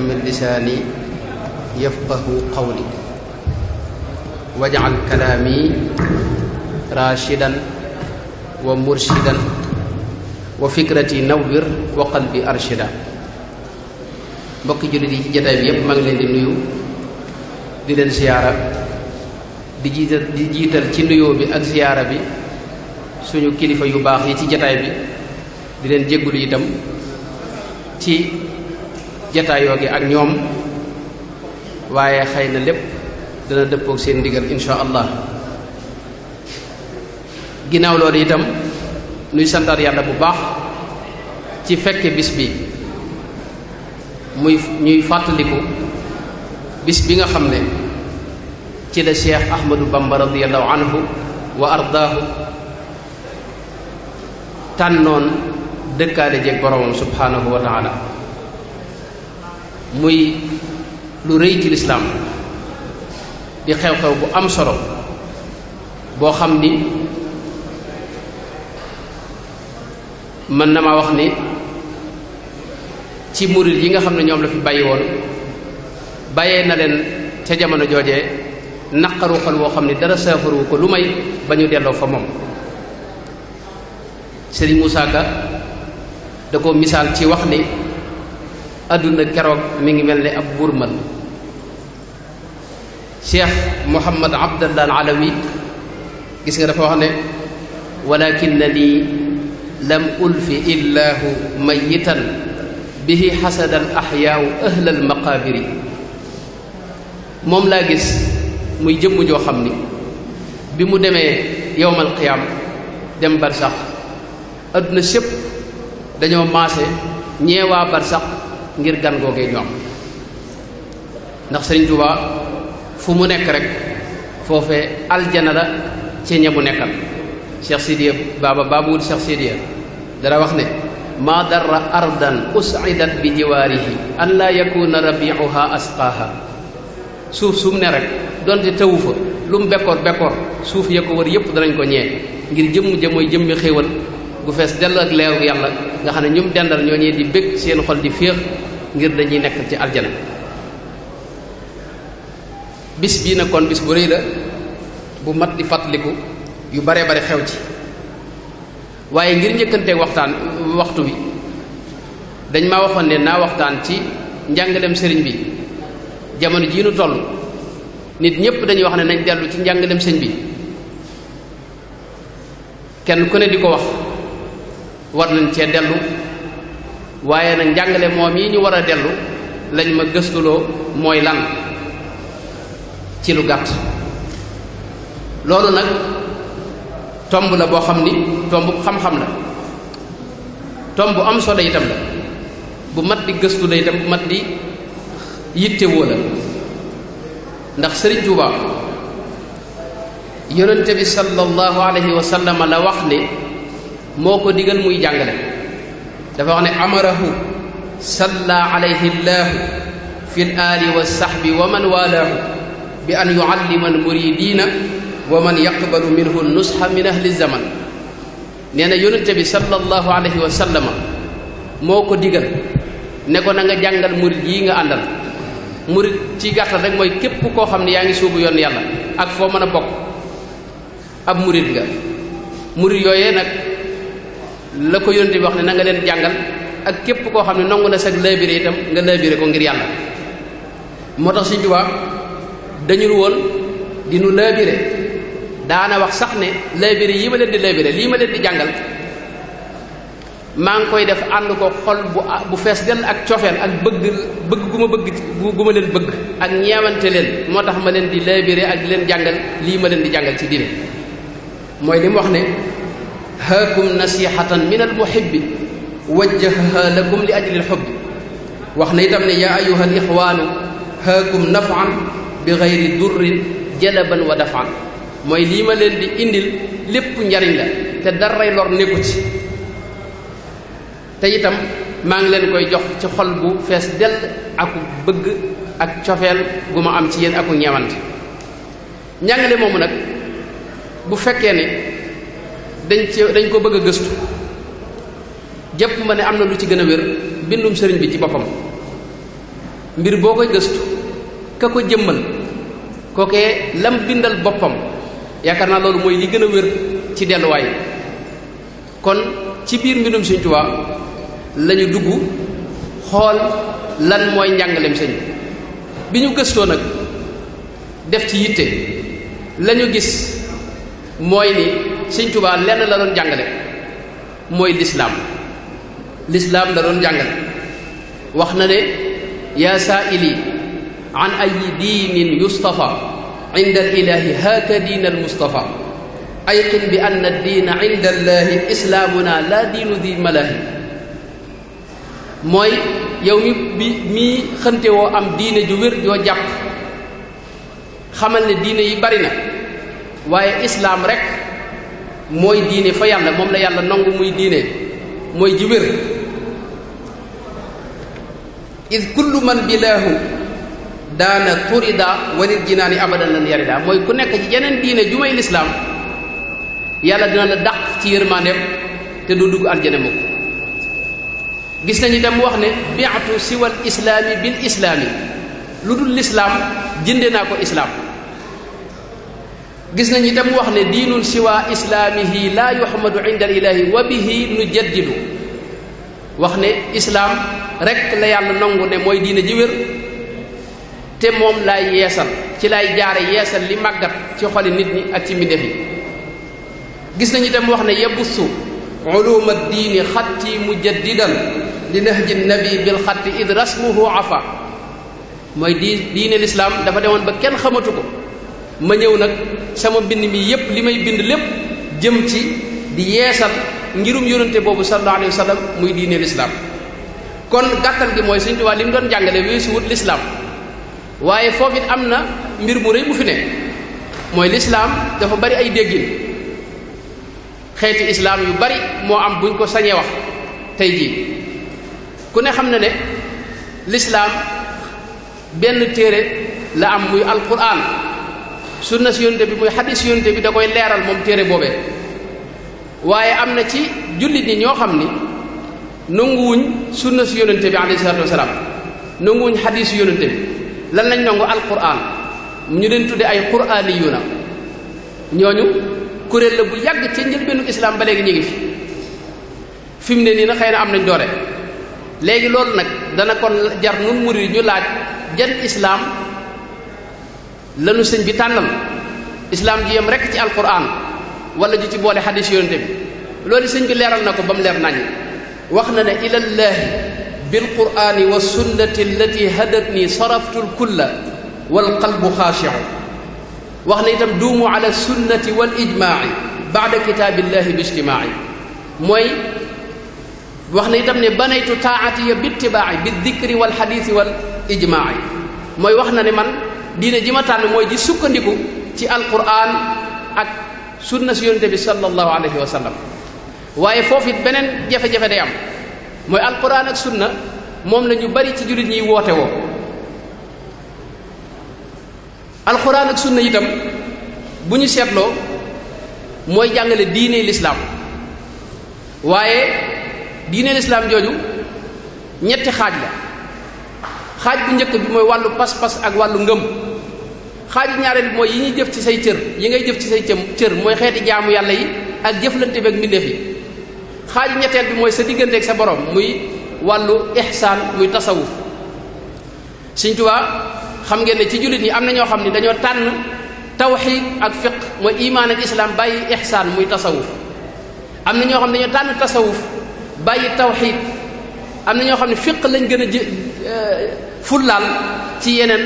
min lisaani yafqahu qawli waj'al kalaami raashidan wa murshidan wa fikrati nawwir wa qalbi arshida mbokki jullit yi ci jataay bi yépp maa leen di nuyu di leen siyaara di jiital di jiital ci nuyoo bi ak siyaara bi suñu kilifa yu baax yi ci jataay bi di leen jéggulu itam ci jataayoo gi ak ñoom waaye xëy na lépp dana dëppoog seen ndigal insha allah ginnaaw loolu itam nuy santar yàlla bu baax ci fekke bis bi muy ñuy fàttaliku bis bi nga xam ne ci la cheikh ahmadou bamba radiallahu anhu wa ardaahu tànnoon dëkkaale jeeg boromam subhanahu wa muy lu rëy ci lislaam di xew-xew bu am solo boo xam ni mën na ma wax ni ci murid yi nga xam ne ñoom la fi bàyyi woon bàyyee na leen ca jamono joojee naqaru xol woo xam ne dara saafaru ko lu may ba ñu delloo fa moom Serigne Moussa Ka da ko misaal ci wax ni adduna keroog mi ngi mel ni ab burmal cheikh mohammad abdallah alawi gis nga dafa wax ne walakina nii lam ulfi illaahu mayitan bi xasada al axyaawu ahla al moom laa gis muy jëmm joo xam ni bi mu demee yowmal qiyaam dem barsax adduna sépp dañoo maase ñeewaa barsax ngir gan googee ñu am ndax sëriñ Tuubaa fu mu nekk rek foofe aljana la ci ña mu nekkal Cheikh Sidiya baaba baabul Cheikh Sidiya dara wax ne maa darra ardan usidat bi jiwaarihi an laa yakuna rabiuha asqaaha suuf sumu ne rek donte tawu fa lu mu bekkoor bekkoor suuf ya ko wër yépp danañ ko ñee ngir jëm ja mooy jëmmi xéewal gu fees dell ak leeru yàlla nga xam ne ñum dendal ñoo ñee di bëgg seen xol di féex ngir dañuy nekk ci aljana bis bii nag kon bis bu rëy la bu mat di fàttaliku yu baree bare xew ci waaye ngir njëkkanteeg waxtaan waxtu wi dañ ma waxoon ne naa waxtaan ci njàngalem sëriñ bi jamono jii nu toll nit ñépp dañuy wax ne nañ dellu ci njàngalem sëñ bi kenn ku ne di ko wax war nañ cee dellu waaye na njàngale moom yi ñu war a dellu lañ ma gëstuloo mooy lan ci lu gàtt loolu nag tomb la boo xam ni tomb xam-xam la tomb am solo itam la bu mat di gëstu la bu mat di yittewoo la ndax sëriñ Tuubaa yonente bi sallallahu alayhi wa sallam la wax ni moo ko digal muy jàngale dafa wax ne amarahu salla alayhi llaahu fi l aali wa saxbi wa man waalaahu bi an yuallima al muridiina wa man yaqbalu minhu nusxa min ahli zaman nee na yonente bi sallallahu alayhi wa sallama moo ko digal ne ko na nga jàngal murid yi nga àndal murid ci gàttal rek mooy képp koo xam ne yaa ngi suubu yoon yàlla ak foo mën a bokk ab murid nga murid yooyee nag la ko yónni bi wax ne na nga leen jàngal ak képp koo xam ne nangu na sag laabire itam nga laabire ko ngir yàlla moo tax Sëriñ Tuubaa dañul woon dinu nu laabire daana wax sax ne laabire yi ma leen di laabire lii ma leen di jàngal maa ngi koy def ànd ko xol bu bu fees dell ak cofeel ak bëgg bëgg gu ma bëgg gu ma leen bëgg ak ñeewante leen moo tax ma leen di laabire ak di leen jàngal lii ma leen di jàngal ci diine mooy li wax ne haakum nasihatan min almuhibbi wajjahaha lakum li ajli alxubbi wax na itam ne yaa ayuha alixwaanu haakum nafan bi gayri durrin jalaban wa dafan mooy lii ma leen di indil lépp njariñ la te daray lor nekku ci te itam maa ngi leen koy jox ci xol bu fees dell aku bëgg ak cofeel gu ma am ci yéen aku ñeewante njàngale moomu nag bu fekkee ne dañ ci dañ ko bëgg a gëstu jëpp ma ne am na lu ci gën a wér bindum sëriñ bi ci boppam mbir boo koy gëstu ka ko jëmmal kookee lam bindal boppam yaakaar naa loolu mooy li gën a wér ci delluwaay kon ci biir mbindum Sëriñ Tuubaa la dugg xool lan mooy njàngaleem sëñ bi ñu gëstoo nag def ci yitte la gis mooy ni sëñ Tuubaa lenn la doon jàngale mooy lislaam lislaam la doon jàngale wax na ne yaa saaili an ayi diinin yustafa inda al ilahi haaka al mustafa ayqin diina islaamuna la diinu di malaahi mooy yow mi bi mii xënte woo am diine ju wér joo jàpp xamal ne diine yi bari na waaye islaam rekk mooy diine fa yàlla moom la yàlla nangu muy diine mooy ji wér kullu man bilaahu daana turida walil jinaani abadan lan yarida mooy ku nekk ci jeneen diine ju may lislaam yàlla dina la dàq ci yërmandeem te du dugg aljana mukk gis nañu itam wax ne biatu siwal islaami bil islaami lu dul lislaam jënde naa ko islaam gis nañ itam wax ne siwaa siwa islaamihi laa yuhamadu inda al ilahi wa bihi nu jaddidu wax ne islaam rek la yàlla nangu ne mooy diine ji wér te moom laay yeesal ci lay jaare yeesal li màggat ci xoli nit ñi ak ci mbindeef yi gis nañu itam wax ne yabussu ulum ad diini xatti mujaddidan li nahji nabi bil xatti id rasmuhu afa mooy di lislaam dafa demoon ba kenn xamatu ko ma ñëw nag sama mbind mi yépp li may bind lépp jëm ci di yeesal ngirum yonente boobu sallallahu alayhi wa sallam muy diine lislaam kon gàttal gi mooy Sëriñ Tuubaa li mu doon jàngale weesu lislaam waaye foofu it am na mbir mu rëy bu fi ne mooy lislaam dafa bari ay déggin xeeti islaam yu bari moo am buñ ko sañee wax tey jii ku ne xam na ne lislaam benn téere la am muy alquran sunna si yonte bi muy xadis yonte bi da koy leeral moom téere boobee waaye am na ci jullit ñi ñoo xam ni nanguwuñ sunna si yonente bi alayhi salaatu wasalaam nanguwuñ xadis yonente bi lan lañ nangu alquran ñu leen tudde ay quraaniyuuna ñooñu kuréel la bu yàgg ca njëlbeenu islam ba léegi ñu ngi fi fi mu ne nii na xëy na am nañ doore léegi loolu nag dana kon jar nun murid ñu laaj jan islam lanu sëñ bi tànnal islaam ji yem rek ci alquran wala ju ci boole xadis yonente bi loolu sëñ bi leeral na ko ba mu leer nañ wax na ne ilallaahi bilqurani wa sunnati allati hadat nii saraftu lkulla walqalbu xaashiu wax na itam duumu ala sunnati wal ijmaai baada kitaabillahi bi ijtimaai mooy wax na itam ne banaytu taatiya bittibaai bi dikri wal xadiisi wal ijmaai mooy wax na ne man diine ji ma tànn mooy ji sukkandiku ci alquran ak sunna si yonente bi sallallahu alayhi wa waaye foofu it beneen jafe-jafe day am mooy alquran ak sunna moom lañu bari ci jullit ñuy woote woo alquran ak sunna itam bu ñu seetloo mooy jàngale diine lislaam waaye diine lislaam jooju ñetti xaaj la xaaj bu njëkk bi mooy wàllu pas-pas ak wàllu ngëm xaaj ñaareel bi mooy yi ñuy jëf ci say cër yi ngay jëf ci say cëm cër mooy xeeti jaamu yàlla yi ak jëflante bi ak mbindeef yi xaaj ñetteel bi mooy sa diggante ak sa boroom muy wàllu ihsaan muy tasawuf Sëriñ Tuubaa xam ngeen ne ci jullit ñi am na ñoo xam ne dañoo tànn tawxiid ak fiq mooy imaan ak islaam bàyyi ihsaan muy tasawuf am na ñoo xam ne dañoo tànn tasawuf bàyyi tawxiid am na ñoo xam ne fiq lañ gën a jë euh, laal ci yeneen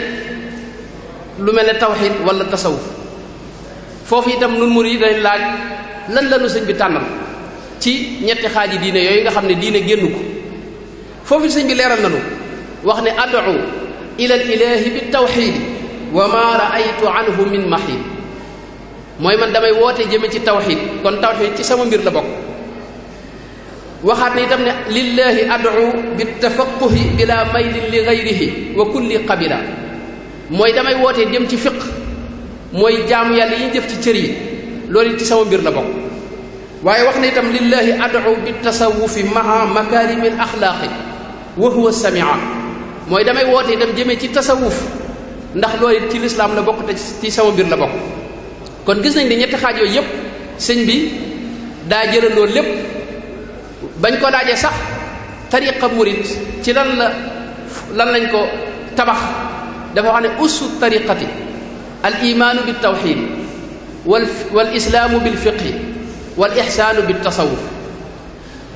lu mel ne tawxid wala tasawuf foofu itam nun murid yi dañ laaj lan lanu sëñ bi tànnal ci ñetti xaaji diine yooyu nga xam ne diine génn ko foofu sëñ bi leeral nanu wax ne ad'u ila al ilahi bi tawxiidi wa ma raaytu anhu min mooy man damay woote jëme ci tawxid kon tawxid ci sama mbir la bokk waxaat ne itam ne lillahi ad'u bi tafaqquhi bila maylin li gayrihi wa kulli qabila mooy damay wootee jëm ci fiq mooy jaamu yàlla yi ñu ci cër yi loolu it ci sama mbir la bokk waaye wax na itam lillahi ad'u bi tasawufi maa makarimil axlaaqi wa huwa samia mooy damay wootee dem jëmee ci tasawuf ndax lool it ci lislaam la bokk te ci sama mbir la bokk kon gis nañ ne ñetti xaaj yooyu yépp sëñ bi daa jëlandoo lépp bañ ko laajee sax tariqa murid ci lan la lan lañ ko tabax dafa xam ne ussu tariqati al imaanu bi tawxid wal wal islaamu bil fiqhi wal ixsaanu bi tasawuf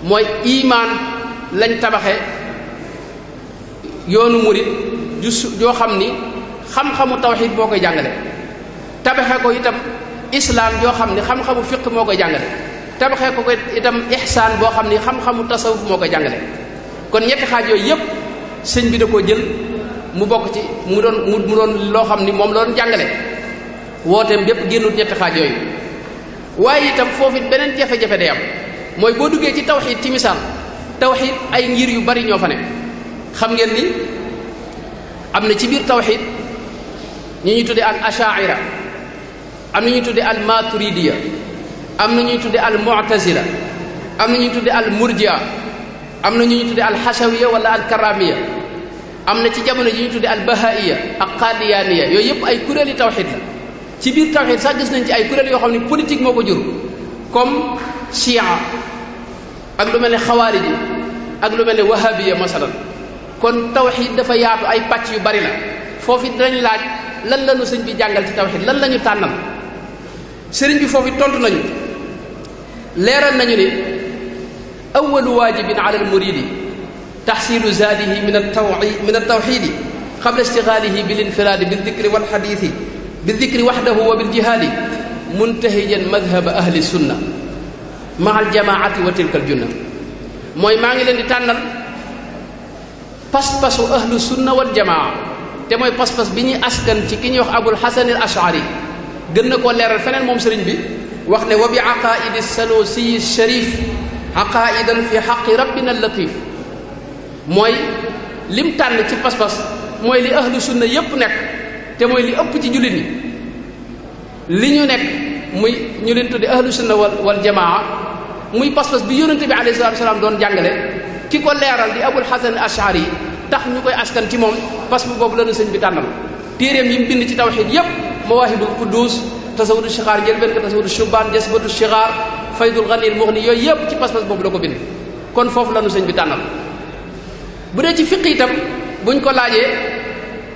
mooy imaan lañ tabaxee yoonu murid ju su joo xam ni xam-xamu tawxid moo koy jàngale tabaxe ko itam islaam joo xam ni xam-xamu fiq moo koy jàngale tabaxee ko ko itam ixsaan boo xam ni xam-xamu tasawuf moo ko jàngale kon ñetti xaaj yooyu yépp sëñ bi da koo jël mu bokk ci mu doon mu doon loo xam ni moom la doon jàngale wooteem bépp génnut ñetti xaaj yooyu waaye itam foofu it beneen jafe-jafe day am mooy boo duggee ci tawxiid ci misaal tawxiid ay ngir yu bari ñoo fa ne xam ngeen ni am na ci biir tawxiid ñu ñuy tuddee al ashaira am na ñuy tuddee al maturidiya am na ñuy tudde al mu'tazila am na ñuy tudde al murjia am na ñuy tudde al xasawiya wala al karamiya am na ci jamono ji ñuy tudde al bahaiya ak qadiyaaniya yooyu yëpp ay kuréeli tawxid la ci biir tawxid sax gis nañ ci ay kuréel yoo xam ne politique moo ko jur comme chia ak lu mel ne xawaarij yi ak lu mel ne wahabiya masalan kon tawxid dafa yaatu ay pàcc yu bari la foofu dinañ laaj lan lañu sëñ bi jàngal ci tawxid lan lañu ñu tànnal sëriñ bi foofu tontu nañu leeral nañu ne awalu waajibin ala almuridi taxsilu zaadihi min altawi min altawxidi qabla istigaalihi bilinfiraadi bildikri walxadiisi bildikri waxdahu wa biljihaadi muntahijan madhaba ahli sunna maa aljamaati wa tilka aljunna mooy maa ngi leen di tànnal pas-pasu ahlu sunna wal jamaa te mooy pas bi ñuy askan ci ki ñuy wax abul xasan gën na koo leeral feneen moom sëriñ bi wax ne wa bi aqaaidi salusiyi sharif aqaaidan fi xaqi rabbina latif mooy lim tànn ci pas mooy li ahlu sunna yépp nekk te mooy li ëpp ci jullit ñi li ñu nekk muy ñu leen tudde ahlu sunna wal wal jamaa muy pas-pas bi yonente bi alayhi salatu wasalaam doon jàngale ki ko leeral di abul xasan ashari yi tax ñu koy askan ci moom pas bu boobu lañu sëñ bi tànnal téeréem yi mu ci tawxid yépp mawaahibul quddus tasawudu shixaar njëlbeen ko tasawudu shubaan jasbatu shixaar faydul xani al yooyu yëpp ci pas-pas boobu la ko bind kon foofu lanu sëñ bi tànnal bu dee ci fiq itam buñ ko laajee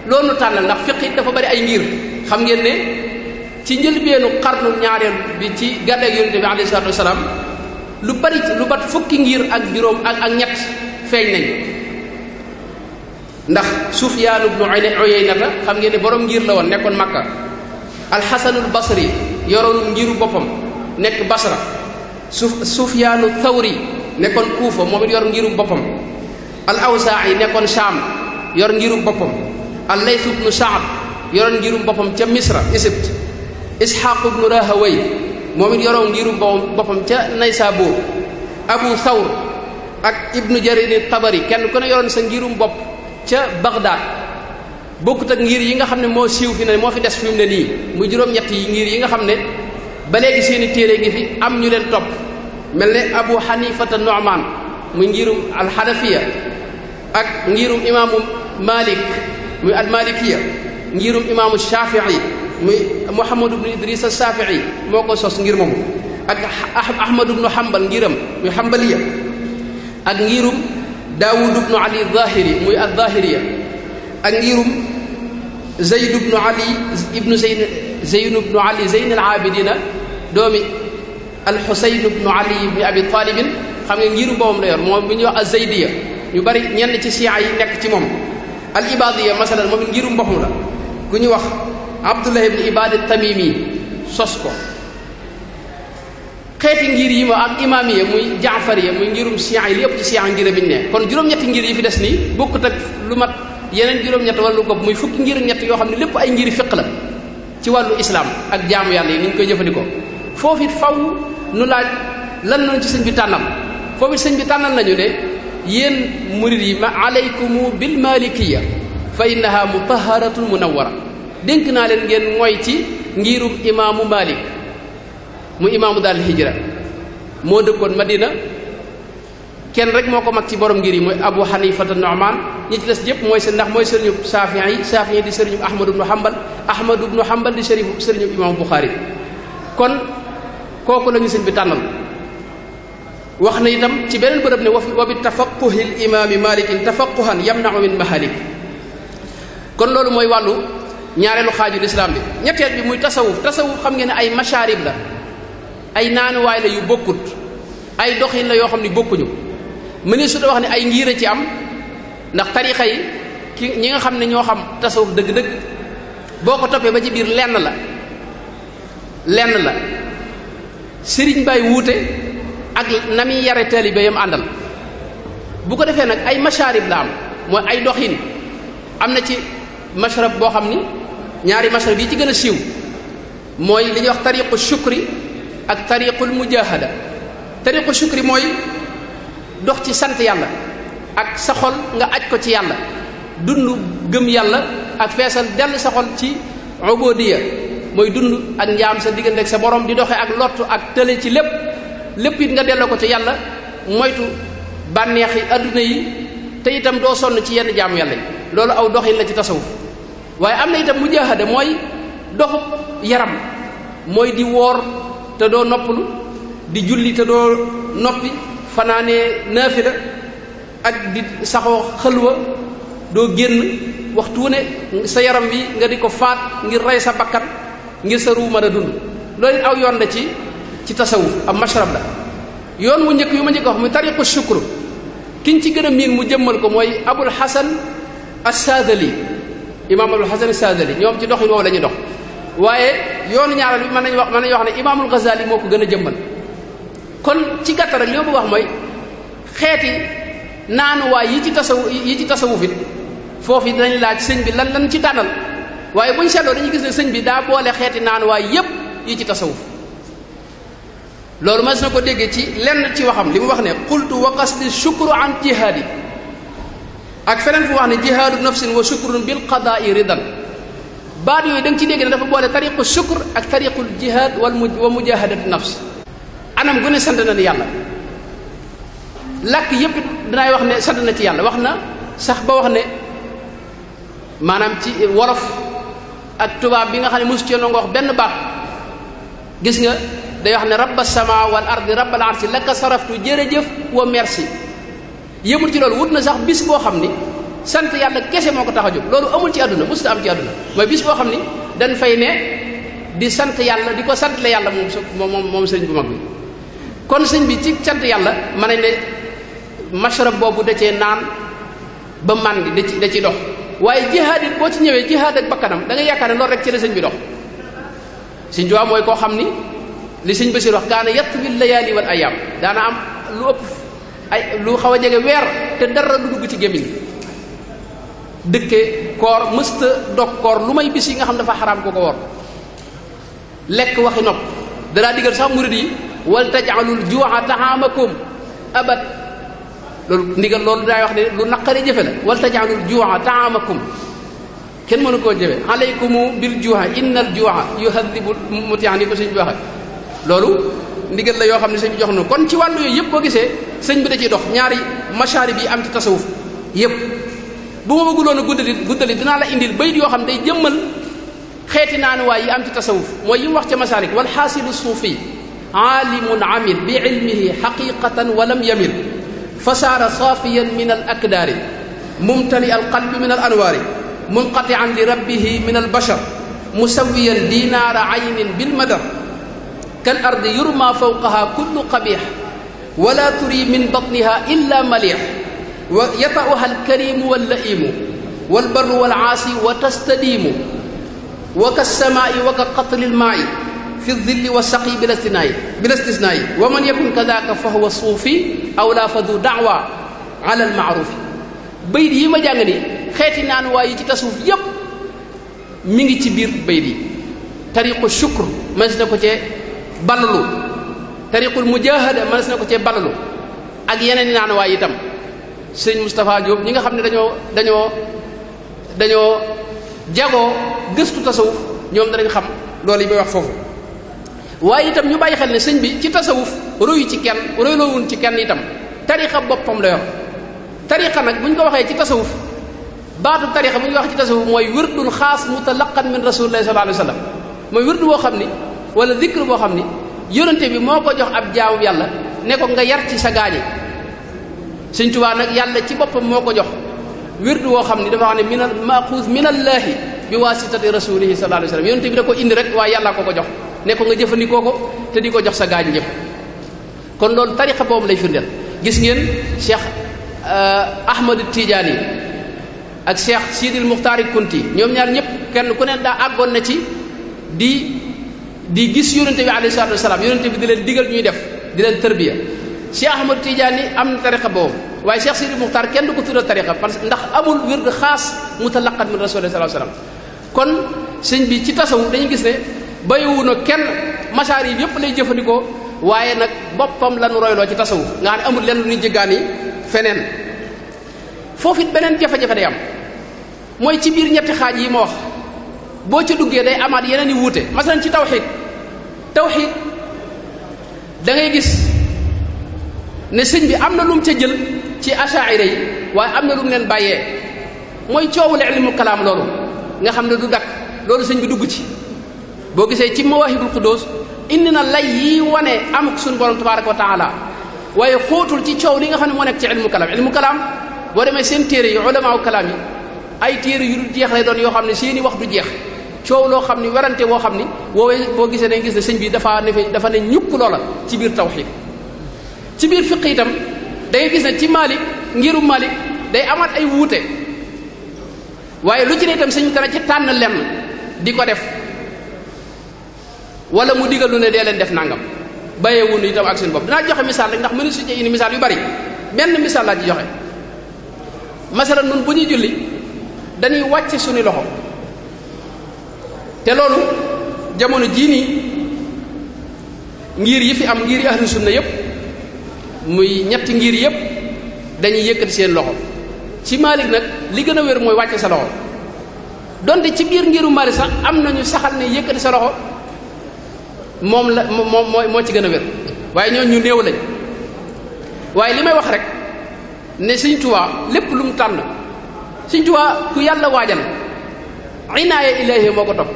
loolu tànnal ndax fiq it dafa bari ay ngir xam ngeen ne ci njëlbeenu xarnu ñaareel bi ci gàddeeg yooyu bi alayhi lu bari lu bat fukki ngir ak juróom ak ak ñett feeñ nañ ndax Sufyaan ibnu Uyaynata xam ngeen ne borom ngir la woon nekkoon Makka alxasanul basri yoroon ngiru boppam nekk basra suf sufyaanu thawri nekkoon kuufa moom it yor boppam al nekkoon shaam yor ngiru boppam al layth ibnu sa'd yoroon ngiru boppam ca misra Égypte isxaaq ibnu rahaway moom yoroon ngiru boppam ca naysaabuur abu thawr ak ibnu jarir tabari kenn ku ne yoroon sa ngirum bopp ca bagdaad bokkut ak ngiir yi nga xam ne moo siiw fi ne moo fi des fi mu ne nii muy juróom-ñett yi ngir yi nga xam ne ba léegi seeni téere ngi fi am ñu leen topp mel ne abu xanifata nu'man muy ngirum alxanafiya ak ngirum imaamu malik muy almalikiya ngirum imaamu shafii muy muhammadu bnu idris al moo ko sos ngir moomu ak ahmadu bnu hambal ngiram muy hambaliya ak ngirum daawudu bnu ali zahiri muy al zahiriya ak ngirum zeyd ibnu ali ibnu zeyn zeyn ibnu ali zeyn al abidina doomi al xuseyn ibnu ali ibnu abi talibin xam nga ngiru boobam la moom bu ñuy wax azeydiya ñu bari ñenn ci siyaa yi ci moom al ibadiya masalan moom it ngiru mboxum la ku ñu wax abdullah ibnu ibad tamimi sos ko xeeti ngir yi ma ak imaam yi muy jaafar yi muy ngirum siyaa yi li yëpp ci siyaa ngir biñ ne kon juróom-ñetti ngir yi fi des nii bokkut ak lu mat yeneen juróom-ñett wala lu ko muy fukki ngir ñett yoo xam ne lépp ay ngiri fiq la ci wàllu islaam ak jaamu yàlla yi ni ñu koy jëfandikoo foofu it faw nu laaj lan lañ ci sëñ bi tànnal foofu it sëñ bi tànnal nañu ne yéen murid yi ma aleykumu bil malikiya fa innaha mutaharatun munawwara dénk naa leen ngeen mooy ci ngirum imaamu malik mu imaamu daal hijra moo dëkkoon madina kenn rek moo ko mag ci boroom ngir yi mooy abu xanifata nu'man ñi ci des mooy seen ndax mooy sëriñu saafiyan yi saafiyan yi di sëriñu ahmadu ibnu hambal ahmadu ibnu hambal di sëriñu sëriñu imaamu buxaari kon kooku la ñu sëñ bi tànnal wax na itam ci beneen bërëb ne wa bi tafaqquhi l imaami malikin tafaqquhan yamnau min mahalik kon loolu mooy wàllu ñaareelu xaaju lislaam bi ñetteel bi muy tasawuf tasawuf xam ngeen ne ay masharib la ay naanuwaay la yu bokkut ay doxin la yoo xam ne bokkuñu mëni su da wax a ci am ndax tarixa yi ki ñi nga xam ne ñoo xam tasawuf dëgg-dëgg boo ko toppee ba ci biir lenn la lenn la sëriñ bay wuute ak na muy yare taalibe yam àndal bu ko defee nag ay masharib la am mooy ay doxin am na ci mashrab boo xam ni ñaari mashrab yi ci gën a siiw mooy li ñuy wax tariqu shukri ak tariqul mujahada tariqu shukri mooy dox ci sant yàlla ak sa xol nga aj ko ci yàlla dund gëm yàlla ak feesal dell sa xol ci ubudiyya mooy dund ak njaam sa diggante ak sa boroom di doxe ak lottu ak tële ci lépp lépp it nga delloo ko ci yàlla moytu bànneexi àdduna yi te itam doo sonn ci yenn jaamu yàlla yi loolu aw doxin la ci tasawuf waaye am na itam mujahada mooy doxub yaram mooy di woor te doo noppalu di julli te doo noppi fanaanee naafila ak di saxoo xëlwa doo génn waxtu wu ne sa yaram bi nga di ko faat ngir rey sa bakkan ngir sa ruu mën a dund loolu aw yoon la ci ci tasawuf ab mashrab la yoon mu njëkk yu ma njëkk wax mu tariqu shukru kiñ ci gën a miin mu jëmmal ko mooy abul hasan as-sadali imaam abul hasan as-sadali ñoom ci doxin woowu la ñuy dox waaye yoonu ñaaral bi mën nañu wax mën nañu wax ne imaamul ghazali moo ko gën a jëmmal kon ci gàttal li ma bëgg wax mooy xeeti naanuwaay yi ci tasawu yi ci tasawuf it foofu dañ laaj sëñ bi lan lan ci tànnal waaye buñ seetloo dañuy gis ne sëñ bi daa boole xeeti naanuwaay yépp yi ci tasawuf loolu ma na ko déggee ci lenn ci waxam li mu wax ne qultu wa qasdi shukru an jihaadi ak feneen fu wax ne jihaadu nafsin wa shukrun bil qadaai ridan baat yooyu da nga ci dégg ne dafa boole tariqu shukr ak tariqul jihad wal wa mujahadatu nafs anam gu ne sant na ni yàlla làkk yépp danaay wax ne sadd na ci yàlla wax na sax ba wax ne maanaam ci wolof ak tubaab bi nga xam ne mosu cee nangoo wax benn baat gis nga day wax ne a sama wal ardi rabbal arsi laka saraftu jëf wa merci yëmul ci loolu wut na sax bis boo xam ni sant yàlla kese moo ko tax a jóg loolu amul ci àdduna mosut am ci àdduna mooy bis boo xam ni dañ fay ne di sant yàlla di ko sant la yàlla moom moom moom sëñ bu mag bi kon sëñ bi ci sant yàlla mashrab boobu da cee naan ba màndi da ci da ci dox waaye jihaad it boo ci ñëwee jihaad ak bakkanam da ngay yaakaar ne loolu rek ci la bi dox sëñ Tuubaa mooy koo xam ni li sëñ Basiir wax kaana yatwi layaali wal ayaam daana am lu ëpp ay lu xaw a jege weer te dara du dugg ci gémmiñ dëkke koor mësta dog koor lu may bis yi nga xam dafa xaraam ko ko wor lekk waxi nopp danaa digal sax murid yi wal tajalul juuxa taxaamakum abat loolu ndigal loolu daay wax ne lu naqari jëfe la wal tajaalul juuxa taamakum kenn mënu koo jëfe alaykumu bil juuxa innal juuxa yuhadibu mutiaan yi ko sëñ bi waxe loolu ndigal la yoo xam ne sëñ bi jox na kon ci wàllu yooyu yëpp boo gisee sëñ bi da ciy dox ñaari machaari bi am ci tasawuf yëpp bu ma bëgguloon a guddali guddali dinaa la indil bay yoo xam ne day jëmmal xeeti naanuwaay yi am ci tasawuf mooy yi mu wax ca masaalik wal xaasilu suufi aalimun amil bi ilmihi xaqiqatan walam yamil fa saara saafiyan min al akdaari mumtali al qalbi min al anwaari munqatian li rabbihi min al bashar musawiyan dinaara aynin bil madar kal ardi yurma fawqaha kullu qabix wala turi min batniha illa malix wa yatauha alkarimu wallaimu walbarru walcaasi wa tastadiimu wa kasamaai wa ka qatli almaai fi dilli wa saqi bila istinaayi bila istisnaayi wa man yakun kadaka fa huwa suufi aw laa fa du daawa ala almaarufi bayit yi ma jàng nii xeeti naan waay yi ci tasuuf yépp mi ngi ci biir bayit yi tariqu shukr mënees na ko cee ballalu tariqul mujahada mënees na ko cee ballalu ak yeneen yi naan waay itam sëñ Moustapha Diop ñi nga xam ne dañoo dañoo dañoo jagoo gëstu tasawuf ñoom danañ xam loolu yi may wax foofu waaye itam ñu bàyyi xel ne sëñ bi ci tasawuf royu ci kenn royloowun ci kenn itam tarixa boppam la yor tarixa nag bu ñu ko waxee ci tasawuf baatu tarixa bu ñu ko waxee ci tasawuf mooy wirdun xaas mutalaqan min rasulillahi sallallahu alayhi wa sallam mooy wirdu boo xam ni wala dikr boo xam ni yonente bi moo ko jox ab jaamu yàlla ne ko nga yar ci sa gaañe sëñ Tuubaa nag yàlla ci boppam moo ko jox wirdu woo xam ni dafa xam ne min al maxuus min allaahi bi waasitati rasulihi sallallahu alayhi wa sallam yonente bi da ko indi rek waaye yàlla ko ko jox ne ko nga jëfandikoo ko te di ko jox sa gaañ ñëpp kon loolu tariqa boobu lay firndeel gis ngeen cheikh euh, ahmad tidiane yi ak cheikh sidil muxtaar kunti ñoom ñaar ñëpp kenn ku ne daa àggoon na ci di di gis yonente bi alayhi salatu wasalaam yonente bi di leen digal ñuy def di leen tërbiya cheikh ahmad tidiane yi am na tariqa boobu waaye Cheikh Sidi Muxtaar kenn du ko tuddal tariqa parce que ndax amul wird xaas mutalaqat min rasulillah sallallahu alayhi wasallam kon sëñ bi ci bayiwuna kenn machaar yi yëpp lay jëfandikoo waaye nag boppam lanu royloo ci tasawuf nga xam ne amul lenn lu ñuy jëggaan feneen foofu it beneen jafe-jafe day am mooy ci biir ñetti xaaj yi ma wax boo ca duggee day amaat yeneen yi wuute masalan ci tawxiid tawxiid gis ne sëñ bi am na lu mu ca jël ci achaira yi waaye am na lu mu leen bàyyee mooy coowul ilmu kalaam loolu nga xam ne du dakk loolu sëñ bi dugg ci boo gisee ci mawaahibul quddus indi na lay yi wane amuk suñu borom tabaraka wa taala waaye xóotul ci coow li nga xam ne moo nekk ci ilmu kalaam ilmu kalaam boo demee seen téere yi ulamaaw kalaam yi ay téere yu dul jeex lay doon yoo xam ne seeni wax du jeex coow loo xam ni werante woo xam ni woowee boo gisee dañ gis ne sëñ bi dafa ne dafa ne ñukk loola ci biir tawxiid ci biir fiq itam dangay gis ne ci Maalik ngiru Maalik day amat ay wuute waaye lu ci ne itam sëñ bi dana ci tànn lenn di ko def wala mu digal lu ne dee leen def nangam bàyyee wunu itam ak seen bopp dinaa joxe misaal rek ndax mënu si ci indi misaal yu bari benn misaal laa ci joxe masala nun bu ñuy julli dañuy wàcce suñu loxo te loolu jamono jii nii ngir yi fi am ngir ahlu sunna yépp muy ñetti ngir yépp dañuy yëkkati seen loxo ci Maalik nag li gën a wér mooy wàcce sa loxo donte ci biir ngiru Maalik sax am nañu saxal ne yëkkati sa loxo moom la moom mooy moo ci gën a wér waaye ñoo ñu néew lañ waaye li may wax rek ne Sëriñ Tuubaa lépp lu mu tànn Sëriñ Tuubaa ku yàlla waajal inaaya ilaahi moo ko topp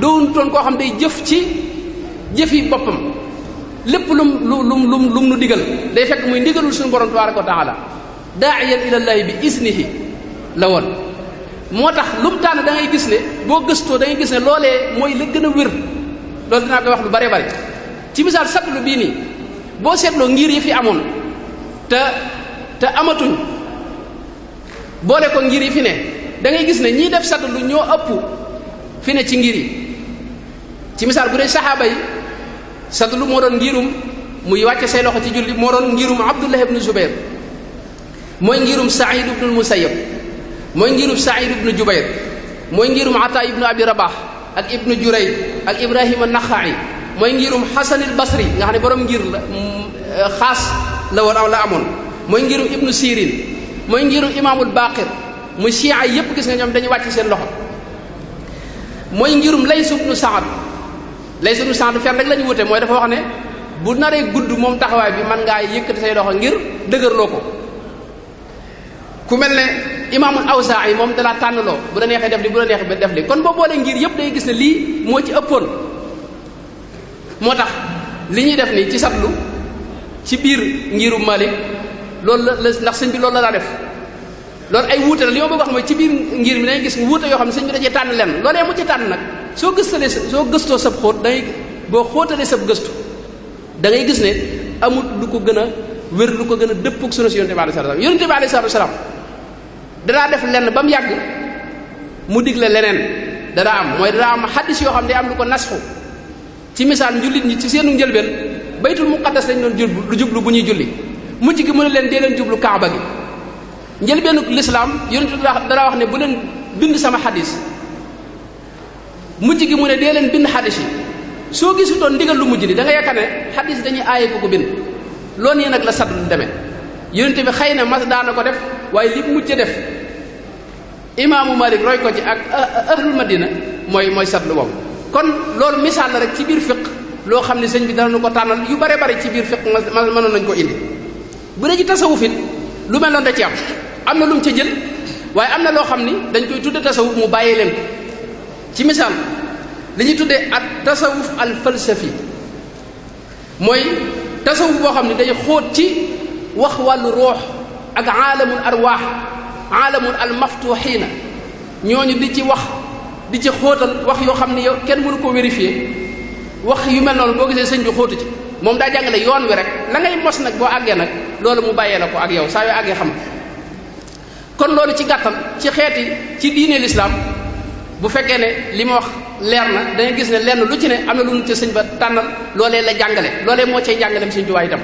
doon toon koo xam day jëf ci jëf yi boppam lépp lum lu lum lum lum nu digal day fekk muy ndigalul suñu borom tabaraka wa taala daaiyan ilallaahi bi isnihi la woon moo tax lu mu tànn da ngay gis ne boo gëstoo da ngay gis ne loolee mooy la gën a wér loolu dinaa koy wax lu bare bare ci misaal satlu bii nii boo seetloo ngir yi fi amoon te te amatuñ boo ko ngir yi fi ne dangay gis ne ñii def satlu ñoo ëpp fi ne ci ngir yi ci misaal bu dee saxaaba yi lu moo doon ngirum muy wàcce say loxo ci julli moo doon ngirum Abdullah ibnu Zubayr mooy ngirum Saïd ibnul mooy ngirum Saïd ibnu Jubayr mooy ngirum Ata ibnu Abi Rabah ak ibnu Juray ak ibrahima naxaay mooy ngirum xasanil basri nga xam ne borom ngir la mm, eh, xaas la woon aw la amoon mooy ngirum ibnu sirin mooy ngirum imaamul baqir mu chia yépp gis nga ñoom dañu wàcc seen loxo mooy ngirum lay ibnu saad lays ibnu saad fenn rek la ñu wute mooy dafa wax ne bu naree gudd moom taxawaay bi man ngaa yëkkati say loxo ngir dëgërloo ko ku mel ne imaamul awsaa'i moom dalaa tànnloo bu la neexee def li bu la neexee def li kon boo boolee ngir yëpp day gis ne lii moo ci ëppoon moo tax li ñuy def ni ci satlu ci biir ngiru Malik loolu la ndax sëñ bi lool la daa def loolu ay wuute la li ma bëgg wax mooy ci biir ngir mi dañuy gis wuute yoo xam ne sëñ bi da cee tànn lenn loolee mu ci tànn nag soo gëstalee soo gëstoo sab xóot dangay boo xóotalee sab gëstu da ngay gis ne amul lu ko gën a wér lu ko gën a dëppug sunu si yonente bi alayhi salaam yonente salaam danaa def lenn ba mu yàgg mu digle leneen dana am mooy dana am xaddis yoo xam ne am lu ko nasxu ci misaal njullit ñi ci seenu njëlbeen baytul muqaddas lañ doon lu jublu bu ñuy julli mujj gi mu ne leen dee leen jublu kaaba gi njëlbeenu lislaam yonentu dara wax ne bu leen bind sama xaddis mujj gi mu ne dee leen bind xaddis yi soo gisutoon ndigal lu mujj li da nga yaakaar ne xaddis dañuy aaye ko ko bind loolu yéen nag la saddu demee yonente bi xëy na mas daana ko def waaye li mujj def imaamu malik roy ko ci ak ahlul madina mooy mooy satlu boobu kon loolu misaal la rek ci biir fiq loo xam ne sëñ bi dana nu ko tànnal yu bare bare ci biir fiq ma mënoon nañu ko indi bu dee ci tasawuf lu mel noonu da ci am am na lu mu ca jël waaye am na loo xam ni dañ koy tudde tasawuf mu bàyyee leen ko ci misaal li ñuy tuddee ak tasawuf al falsafi mooy tasawuf boo xam ne day xóot ci wax wàllu ruux ak aalamul arwaax aalamul almaftuxiina ñooñu di ci wax di ci xóotal wax yoo xam ne yow kenn mënu koo vérifier wax yu mel noonu boo gisee sëñ bi xóotu ci moom daa jàngale yoon wi rek la ngay mos nag boo àggee nag loolu mu bàyyee la ko ak yow saa yoo àggee xam kon loolu ci gàttal ci xeeti ci diine lislaam bu fekkee ne li mu wax leer na da gis ne lenn lu ci ne am na lu mu ca sëñ ba tànnal loolee la jàngale loolee moo cay jàngaleem sëñ Tuubaa itam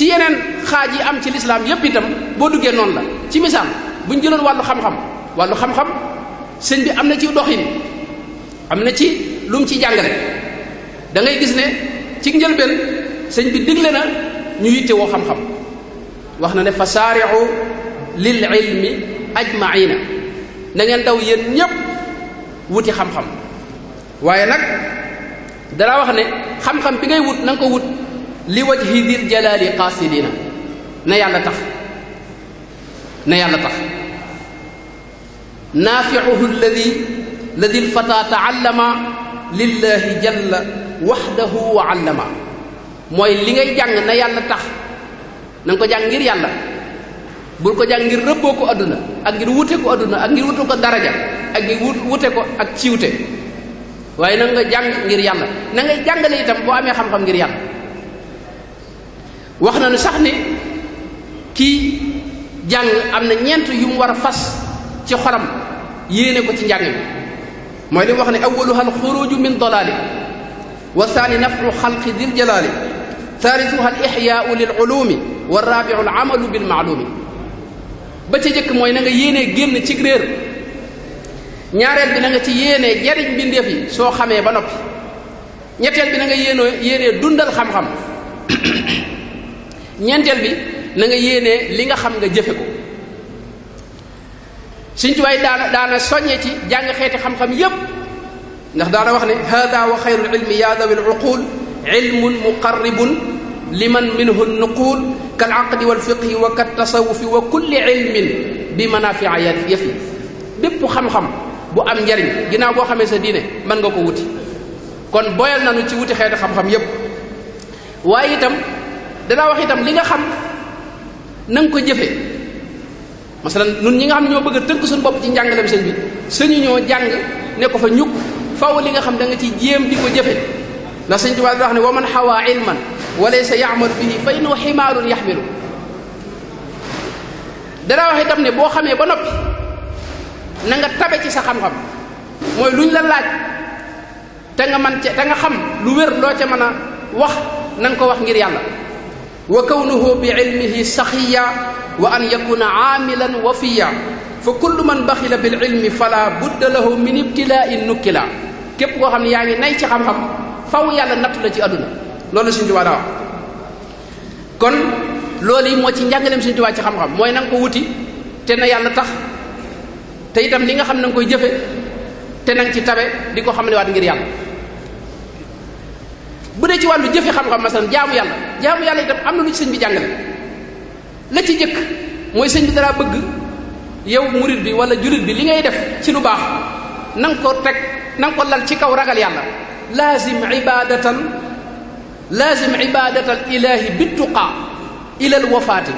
ci yeneen xaaj yi am ci lislaam yépp itam boo duggee noonu la ci misaal bu ñu jëloon wàllu xam-xam wàllu xam-xam sëñ bi am na ci doxin am na ci lu ci jàngale da ngay gis ne ci njëlbeen sëñ bi digle na ñu yitte woo xam-xam wax na ne fa saari'u lil ilmi ajmaina na ngeen daw yéen ñépp wuti xam-xam waaye nag dara wax ne xam-xam bi ngay wut na ko wut li wajhi dil jalaali qaasidina na yàlla tax na yàlla tax naafiuhu alladi ladi lfata taallama lillahi jalla waxdahu wa allama mooy li ngay jàng na yàlla tax na ko jàng ngir yàlla bul ko jàng ngir rëbboo ko adduna ak ngir wute ko adduna ak ngir wute ko daraja ak ngir wute ko ak ciwte waaye na nga jàng ngir yàlla na ngay jàngale itam boo amee xam-xam ngir yàlla wax na nu sax ni kii jàng am na ñeent yu mu war a fas ci xolam yéene ko ci njàng mi mooy li mu wax ne awaluha alxuruju min dalaali wa saani nafru xalqi dil jalaali taalisuha al ixyaau lil ulumi wa raabiu al amalu bil maalumi ba ca jëkk mooy na nga yéenee génn ci réer ñaareel bi na ci yéene jariñ mbindeef yi soo xamee ba noppi ñetteel bi na nga yéenoo yéenee dundal xam-xam ñeenteel bi na nga yéenee li nga xam nga jëfe ko suñ tuwaay daana daana soññee ci jàng xeeti xam-xam yépp ndax daana wax ne hada wa xayru ilmi ya dawi luqul ilmun muqarribun liman minhu nuqul kal aqdi wal fiqhi wa kat tasawufi wa kulli ilmin bi manafia yafi bépp xam-xam bu am njariñ ginnaaw boo xamee sa diine mën nga ko wuti kon boyal nañu ci wuti xeeti xam-xam yépp waaye itam danaa wax itam li nga xam na nga ko jëfe masalan nun ñi nga xam ñoo bëgg a tënk suñu bopp ci njàngalem sëñ bi sëñu ñoo jàng ne ko fa ñukk faw li nga xam danga nga ci jéem di ko jëfe ndax sëñ Tuubaa wax ne wa man xawaa ilman wa laysa ya'malu noo fa innahu ximaarun yaxmilu danaa wax itam ne boo xamee ba noppi na nga tabe ci sa xam-xam mooy luñ la laaj te nga man ca te nga xam lu wér loo ca mën a wax na ko wax ngir yàlla wa kawnuhu bi ilmihi saxiya wa an yakuna aamilan wafiya fa kullu man baxila bil ilmi fala budda lahu min ibtilaain nukkila képp koo xam ne yaa ngi nay ci xam-xam faw yàlla natt la ci àdduna loolu la suñu tubaa daa wax kon moo ci njàngaleem suñu tubaa ci xam-xam mooy nanga ko wuti te na yàlla tax tey tam li nga xam na nga koy jëfe te na ci tabe di ko xam ne waat ngir yàlla bu dee ci wàllu jëfe xam-xam masalan jaamu yàlla jaamu yàlla itam am na lu sëñ bi jàngale la ci njëkk mooy sëñ bi dara bëgg yow murid bi wala jullit bi li ngay def ci lu baax na nga ko teg na ko lal ci kaw ragal yàlla laazim ibadatan laazim ibadatal ilahi bittuqa ilal wafaati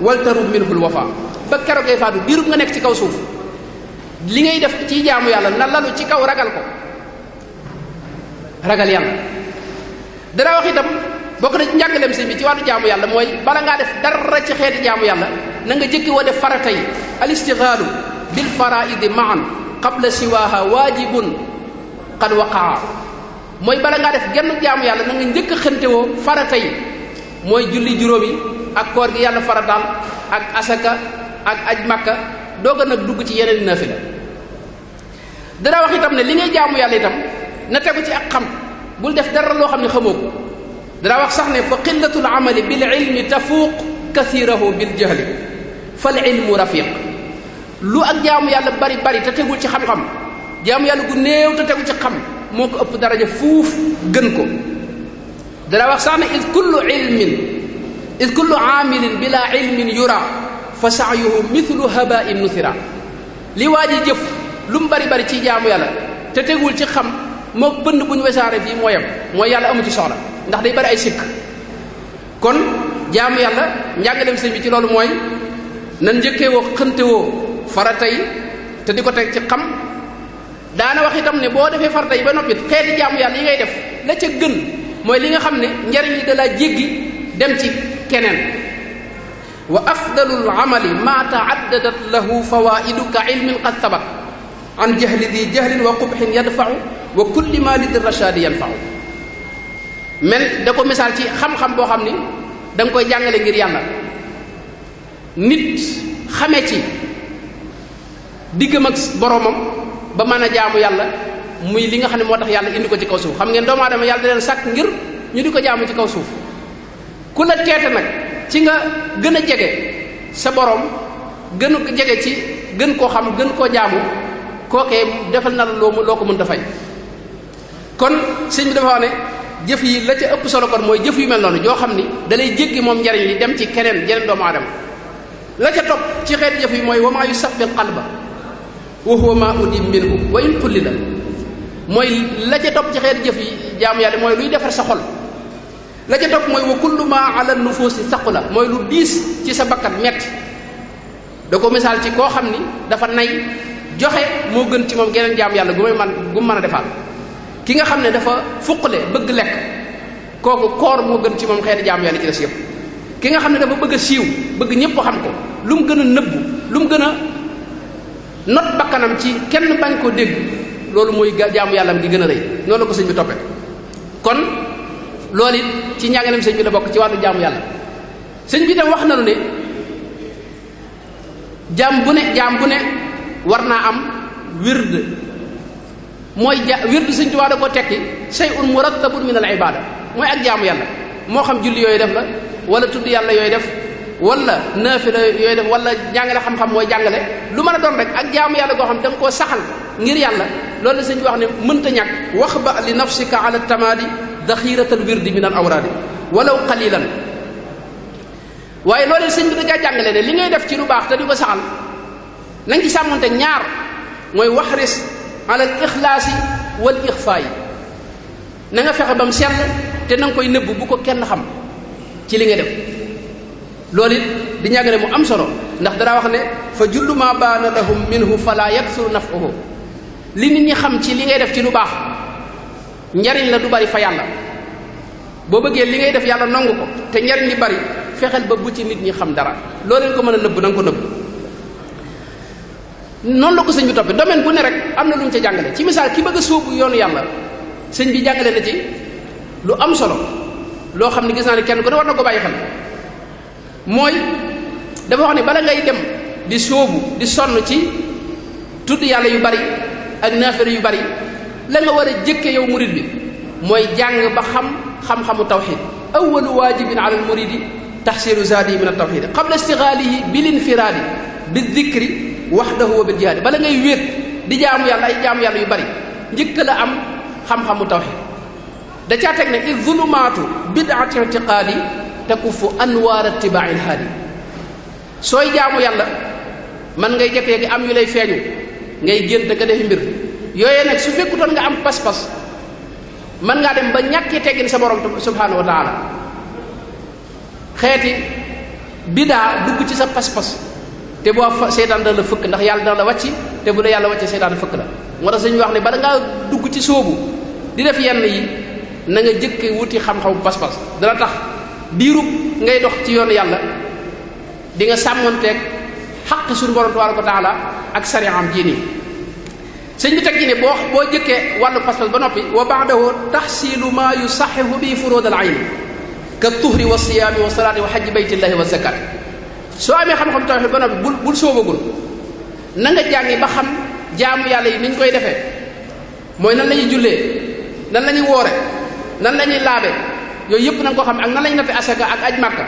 waltarub minhul wafa ba keroog ngay faatu diirub nga nekk ci kaw suuf li ngay def ci jaamu yàlla na lalu ci kaw ragal ko ragal yàlla dana wax itam bokk na ci njàngaleem sëñ bi ci wàllu jaamu yàlla mooy bala ngaa def dara ci xeeti jaamu yàlla na nga jëkki woo def farata yi al istixaalu bil faraidi maan qabla siwaha waajibun qad waqaa mooy bala ngaa def genn jaamu yàlla na nga njëkk a xëntewoo farata mooy julli juróom yi ak koor gi yàlla farataal ak asaka ak aj makka doog nag dugg ci yeneen nafila dana wax itam ne li ngay jaamu yàlla itam na tegu ci ak xam bul def dara loo xam ne xamoo ko wax sax ne fa qillatul amali bil ilmi tafuuq kasirahu bil jahli fal ilmu rafiq lu ak jaamu yàlla bari bari te tegul ci xam-xam jaamu yàlla gu néew te tegu ci xam moo ko ëpp dara daraja fuuf gën ko danaa wax sax ne id kullu ilmin bila ilmin yura fa saayuhu mithlu habain nuthira li waa ji jëf lu mu bari bari ci jaamu yàlla te tegul ci xam moo bënn bu ñu wesaare fii moo yem mooy yàlla amu ci soxla ndax day bari ay sikk kon jaamu yàlla njàngaleem sëñ bi ci loolu mooy nan njëkkee woo xënte woo farata yi te di ko teg ci xam daana wax itam ne boo defee farata yi ba noppi xeeti jaamu yàlla yi ngay def la ca gën mooy li nga xam ne njariñ li da laa jéggi dem ci keneen wa afdalul amali ma taaddadat lahu fawaidu ka ilmin qad am an jahli di jahlin wa qubhin yadfau wa kulli ma lidi rachadi yanfau mel da ko misaal ci xam-xam boo xam ni danga koy jàngale ngir yàlla nit xamee ci diggam ak boromam ba mën a jaamu yàlla muy li nga xam ne moo tax yàlla indi ko ci kaw suuf xam ngeen doomu aadama yàlla da leen sàkk ngir ñu di ko jaamu ci kaw suuf ku la teete nag ci nga gën a jege sa boroom gën ko jege ci gën koo xam gën koo jaamu kookee defal na la loo mu loo ko mën dafay kon sëñ bi dafa wax ne jëf yi la ca ëpp solo kon mooy jëf yu mel noonu joo xam ni dalay jékki moom njariñ li dem ci keneen jeneen doomu aadama la ca topp ci xeet jëf yi mooy wamaa yu sabbi qalba wa huwa ma mooy la ca topp ci xeet jëf jaamu yàlla mooy luy defar sa xol la ca topp mooy wa kullu ma ala nufuusi saqu la mooy lu diis ci sa bakkat metti da ko misaal ci koo xam ni dafa nay joxe moo gën ci moom geneen jaam yàlla gu may man gu mën a defaal ki nga xam ne dafa fuqale bëgg lekk kooku koor moo gën ci moom xeet jaam yàlla ci des yëpp ki nga xam ne dafa bëgg siiw bëgg ñëpp xam ko lu mu gën a nëbbu lu mu gën a not bakkanam ci kenn bañ koo dégg loolu mooy jaamu yàllam di gën a rëy noonu la ko sëñ bi toppee kon loolu it ci njàngaleem sëñ bi la bokk ci wàllu jaamu yàlla sëñ bi tam wax na lu jaam bu ne jaam bu ne war naa am wird mooy ja wird sëñ Tuubaa da ko tekki shay'un murattabun min al ibada mooy ak jaamu yàlla moo xam julli yooyu def la wala tudd yàlla yooyu def wala naafila yooyu def wala jàngale xam-xam mooy jàngale lu mën a doon rek ak jaamu yàlla goo xam da koo saxal ngir yàlla loolu la sëñ bi wax ne mënta ñàkk wax ba li nafsika ala tamaadi daxiratal wirdi min al awraadi walaw qalilan waaye loolu sëñ bi da jàngale ne li ngay def ci lu baax te nañ ci sàmmonte ñaar mooy waxris ala al ixlaasi wal ixfaayi na nga fexe ba mu sell te na koy nëbb bu ko kenn xam ci li ngay def loolu it di ñàgg mu am solo ndax dara wax ne fa la jullu ma baana lahum minhu fala yaksuru nafuhu li nit ñi xam ci li ngay def ci lu baax njariñ la du bari fa yàlla boo bëggee li ngay def yàlla nangu ko te njariñ li bari fexeel ba bu ci nit ñi xam dara loo leen ko mën a nëbb na nga ko nëbb noonu la ko sëñ bi toppee domaine bu ne rek am na lu ñu ca jàngale ci misaal ki bëgg a sóobu yoonu yàlla sëñ bi jàngale na ci lu am solo loo xam ne gis naa ne kenn ku ne war na ko bàyyi xel mooy dafa wax ne bala ngay dem di soobu di sonn ci tudd yàlla yu bari ak naafere yu bari la nga war a jëkke yow murid bi mooy jàng ba xam xam-xamu tawxid awalu waajibin yi al muridi taxsiru yi min at tawxid qabla yi bil infiraadi bi zikri wahdahu wa bil jihaadi bala ngay wéet di jaamu yàlla ay jaamu yàlla yu bari njëkk la am xam-xamu tawxid da caa teg ne iz zulumaatu bid'ati i'tiqaadi takufu anwaar ittibaail haadi sooy yàlla man ngay jékki-jékki am lay feeñu ngay gént nga def mbir nag su nga am pas mën ngaa dem ba ñàkkee teggin sa borom subhaanahu wa taala xeeti bidaa dugg ci sa pas-pas te boo seytaan dana la fëkk ndax yàlla dana la wàcci te bu la yàlla wàcce seytaan fëkk la moo tax suñu wax ne bala ngaa dugg ci sóobu di def yenn yi na nga jëkke wuti xam-xam pas-pas dana tax diirub ngay dox ci yoonu yàlla di nga sàmmonteeg xaq suñu borom tabaaraka wa taala ak sariyaam jii nii sëñ bi teg ci ne boo boo jëkkee wàllu pas-pas ba noppi wa ba'dahu tahsilu ma yusahihu bi furud al ayn ka tuhri wa siyaami wa salaati wa hajji baytillahi wa zakat soo amee xam-xam tawxiid ba noppi bul bul soobagul na nga jàngi ba xam jaamu yàlla yi ni koy defee mooy nan la ñuy jullee nan la ñuy woore nan la ñuy laabe yooyu yëpp na nga ko xam ak nan la ñuy natte asaka ak aj màkka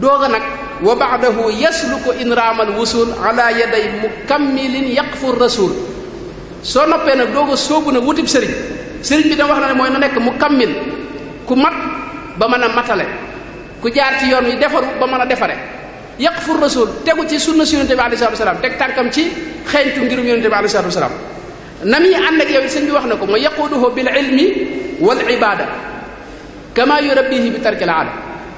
dooga nag wa baadahu yasluku inraamal wusul ala yaday yàq yaqfu rasul soo noppee nag doog a sóobu na wutib sëriñ sëriñ bi da wax na ne mooy na nekk mukammil ku mat ba mën a matale ku jaar ci yoon wi defaru ba mën a defare yaqfu rasul tegu ci sunna si yonente bi alei salatu wasalaam teg tànkam ci xeeñtu ngirum yonente bi alei salatu wasalaam na muy ànd ak yow sëñ bi wax na ko mooy yaquuduhu bil ilmi wal ibada kama yurabbihi bi la aada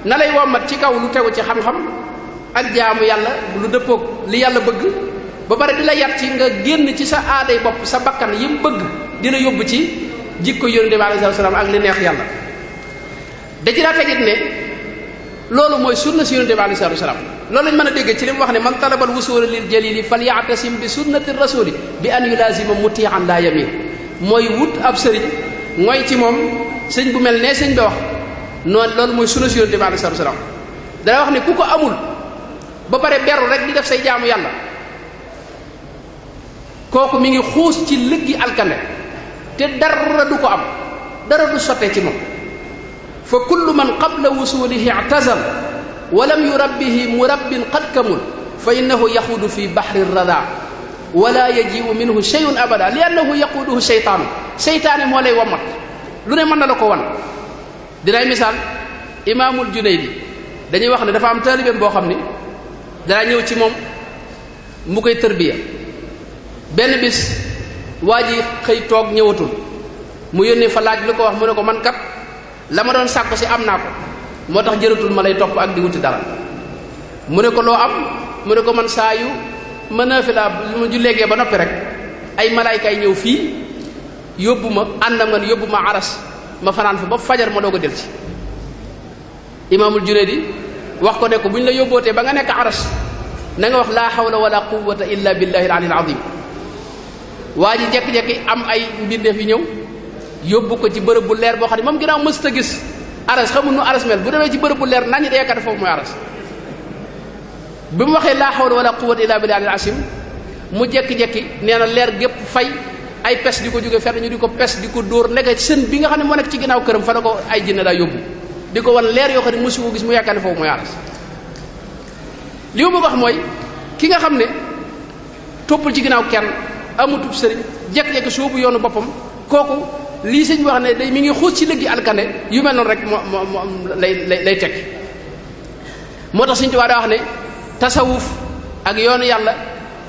na lay wommat ci kaw lu tegu ci xam-xam ak jaamu yàlla lu dëppoog li yàlla bëgg ba pare di la yar ci nga génn ci sa aaday bopp sa bakkan yi bëgg dina yóbbu ci jikko yonente bi ak li neex yàlla da ci daa tegit ne loolu mooy sunna si yonente bi alei loolu lañ mën a déggee ci li mu wax ne man talabal wusula lil jalili fal ya'tasim bi sunnati rasuli bi an yulazima muti'an la yamin mooy wut ab sëriñ mooy ci moom sëñ bu mel ne sëñ bi wax noonu loolu mooy sunu yonent bi alayhi salaam dana wax ne ku ko amul ba pare beru rek di def say jaamu yàlla kooku mi ngi xuus ci lëggi alkande te dara du ko am dara du sottee ci moom fa kullu man qabla wusulihi i'tazal wa lam yurabbihi murabbin qad kamul fa innahu yaxudu fi baxri rada wala yajiu minhu sheyun abada li annahu yaquuduhu seytaanu seytaane moo lay wamat lu ne mën na la ko wan dinay misaal imaamul bi dañuy wax ne dafa am taalibeem boo xam ni dana ñëw ci moom mu koy tërbiya benn bis waa ji xëy toog ñëwatul mu yónnee fa laaj lu ko wax mu ne ko man kat la ma doon sàkku si am naa ko moo tax jëratul ma lay topp ak di wuti dara mu ne ko loo am mu ne ko man saa yu ma naafila lu ma ju léegee ba noppi rek ay malaaykaay ñëw fii yóbbu ma ànd nga yóbbu ma aras ma fanaan fa ba fajar ma doog a del ci imaamul Junayd wax ko ne ko bu ñu la yóbbootee ba nga nekk aras na nga wax laa hawla wala quwwata illa billahi al-aliyyil azim waa ji jekki-jekki am ay mbindeef yu ñëw yóbbu ko ci bërëb bu leer boo xam ne moom ginnaaw mës ta gis aras xamul nu aras mel bu demee ci bërëb bu leer nañu day kat foofu mooy aras bi mu waxee laa hawla wala quwwata illa billahi al-azim mu jekki-jekki nee na leer gépp fay ay pes di ko jóge fenn ñu di ko pes di ko dóor nekk sën bi nga xam ne moo nekk ci ginnaaw këram fa la ko ay jinne daa yóbbu di ko leer yoo xam ne mosu ko gis mu yaakaar ne foofu ma wax mooy ki nga xam ne toppul ci ginnaaw kenn amutub sëriñ jekki-jekki soobu yoonu boppam kooku lii sëñ wax ne day mi ngi xuus ci lëggi alkane yu mel noonu rek moo moo lay lay teg moo tax sëñ Tuubaa daa wax ne tasawuf ak yoonu yàlla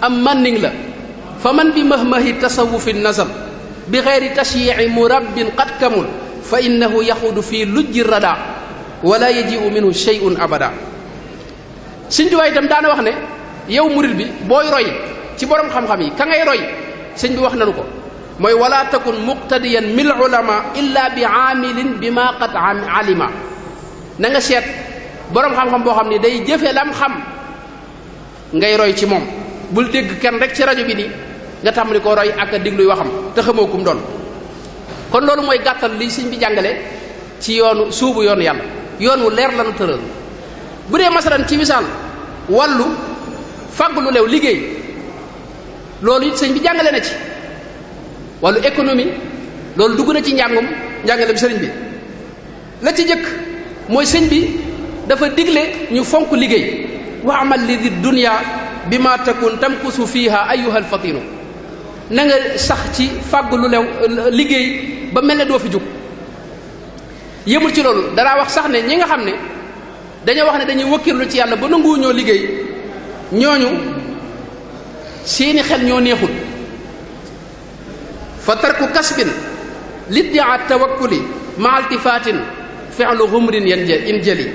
am manning la fa man bi mahmahi tasawufin nasal bi xeyri tashyi'i murabbin qad kamul fa innahu yaxudu fii lujji rada wala yaji'u minhu shay'un abada sëñ Tuubaa itam daana wax ne yow murid bi booy roy ci borom xam-xam yi ka ngay roy sëñ bi wax nanu ko mooy wala takun muqtadiyan mil ulama illa bi aamilin bi ma qad alima na nga seet boroom xam-xam boo xam ni day jëfe lam xam ngay roy ci moom bul dégg kenn rek ci rajo bi ni nga tàmbali koo roy ak a digluy waxam te xamoo doon kon loolu mooy gàttal li sëñ bi jàngale ci yoonu suubu yoonu yàlla yoon wu leer lanu tëral bu dee masalan ci misaal wàllu fàgg lu leew liggéey loolu it sëñ bi jàngale na ci wàllu économie loolu dugg na ci njàngum njàngaleem sëriñ bi la ci jëkk mooy sëñ bi dafa digle ñu fonk liggéey wa amal li di dunya bi ma takun tamkusu fiha ay fatinu na nga sax ci fàgg lu lew liggéey ba mel ne doo fi jug yëmul ci loolu danaa wax sax ne ñi nga xam ne dañoo wax ne dañuy wëkkirlu ci yàlla ba nanguwu ñoo liggéey ñooñu seeni xel ñoo neexul fa tarku kasbin liddia tawakkuli ma altifaatin fexlu humrin yan in jëli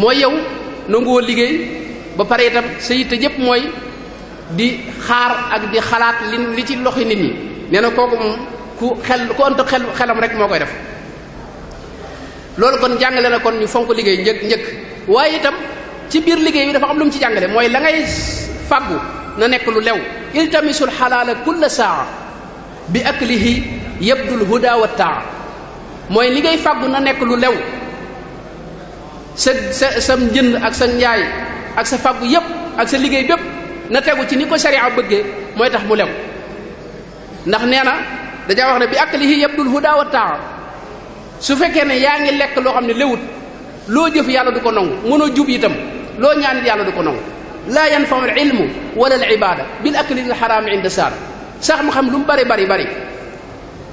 mooy yow nanguwoo liggéey ba pare itam sa yitte yëpp mooy di xaar ak di xalaat li li ci loxi nit ñi nee na ku xel ku ënt xel xelam rek moo koy def loolu kon jàngale na kon ñu fonk liggéey njëkk njëkk waaye itam ci biir liggéey bi dafa am lu ci jàngale mooy la ngay fàggu na nekk lu lew iltamisul xalaala kulla saa bi du yabdul huda wa taa mooy li ngay fàggu na nekk lu lew sa sa sam njënd ak sa njaay ak sa fàggu yépp ak sa liggéey bépp na tegu ci ni ko sharia bëggee mooy tax mu lew ndax nee na dañaa wax ne bi aklihi yabdul huda wa taa su fekkee ne yaa ngi lekk loo xam ne lewut loo jëf yàlla du ko nangu mënoo jub itam loo ñaanit yàlla du ko nangu laa yanfau al ilmu wala al ibada bil akli al xaraam inda saara sax mu xam lu mu bari bari bari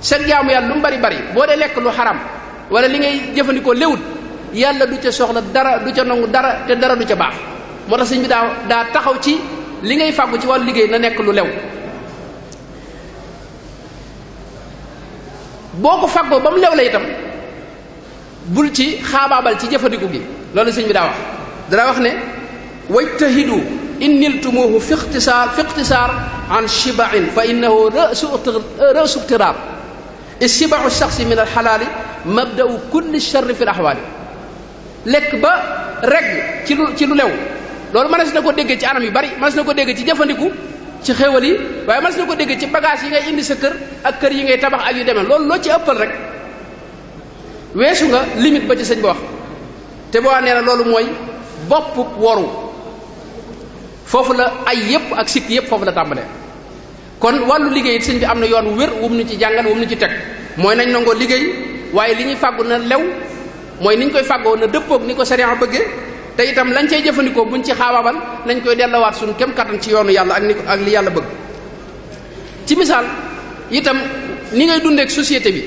sa jaamu yàlla lu mu bari bari boo dee lekk lu xaram wala li ngay jëfandikoo léwut yàlla du ca soxla dara du ca nangu dara te dara du ca baax moo tax sëñ bi daa daa taxaw ci li ngay fàggu ci wàllu liggéey na nekk lu lew boo ko fàggoo ba mu lew la itam bul ci xaabaabal ci jëfandiku gi loolu sëñ bi daa wax dana wax ne wajtahidu in niltumuuhu fi ixtisaar fi ixtisaar an shibain fa innahu ra'su ra'su iqtiraar ishibau shaxsi min alxalaali mabdau kulli sharri fi alaxwaali lekk ba reg ci lu ci lew loolu mënees na ko déggee ci anam yu bari mënees na ko déggee ci jëfandiku ci xéwal yi waaye mënees na ko déggee ci bagage yi ngay indi sa kër ak kër yi ngay tabax ak yu demee loolu loo ci ëppal rek weesu nga limite ba ci sëñ ba wax te boo nee na loolu mooy bopp woru foofu la ay yépp ak sikk yépp foofu la tàmbalee kon wàllu liggéey sëñ bi am na yoon wu wér wum nu ci jàngal wum nu ci teg mooy nañ nangoo liggéey waaye li ñuy fàggu na lew mooy ni koy fàggoo na dëppoog ni ko sariya bëggee te itam lañ cay jëfandikoo buñ ci xaawaabal nañ koy dellawaat suñu kem kattan ci yoonu yàlla ak ni ak li yàlla bëgg ci misaal itam ni ngay dundeek société bi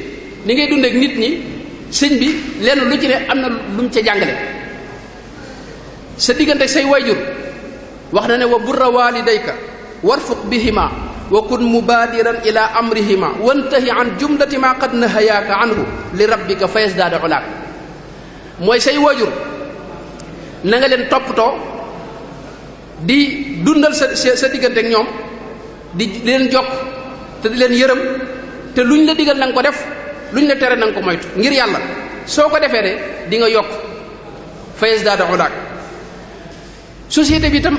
ni ngay dundeek nit ñi sëñ bi lenn lu ci ne am na luñ ci ca sa diggante ak say wax na ne wa burra walidayka warfuq bihima wa kun mubaadiran ila amrihima wantahi an jumlati ma qad nahayaaka anhu li ko fa yasdaada ulaak mooy say waajur na nga leen toppatoo di dundal sa sa diggante ak ñoom di leen jokk te di leen yërëm te luñ la digal na ko def lu luñ la tere na ko moytu ngir yàlla soo ko defee de di nga yokk fa yasdaada ulaak société bi tam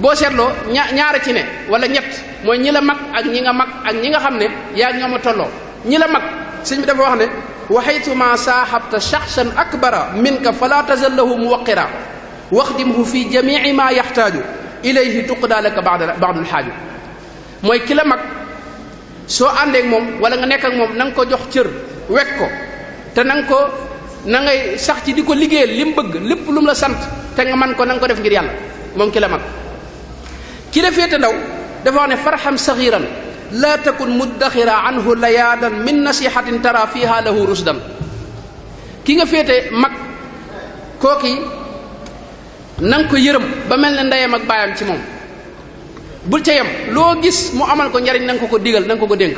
boo seetloo ña ñaara ci ne wala ñett mooy ñila la mag ak ñi nga ak ñi nga xam ne yaa ñooma tolloo ñi la mag sëñ bi dafa wax ne wa haytuma saahabta shakhsan akbara minka fala tazal lahu muwaqira waxdimhu fi jamii ma yaxtaaju ilayhi tuqdaa laka ba'da ba'dul xaaju mooy ki la mag soo àndee moom wala nga nekk moom na nga ko jox cër wekk ko te na nga ko na ngay sax di ko liggéeyal li mu bëgg lépp lu mu la sant te nga man ko na ko def ngir yàlla moom ki ki la féete ndaw dafa wax ne farxam saxiran laa takun muddaxira anhu layaadan min nasihatin tara fiha lahu rusdan ki nga féete mag kooki na ko yërëm ba mel na ndeyam mag baayam ci moom bul ca yam loo gis mu amal ko njariñ na ko ko digal na ko ko dénk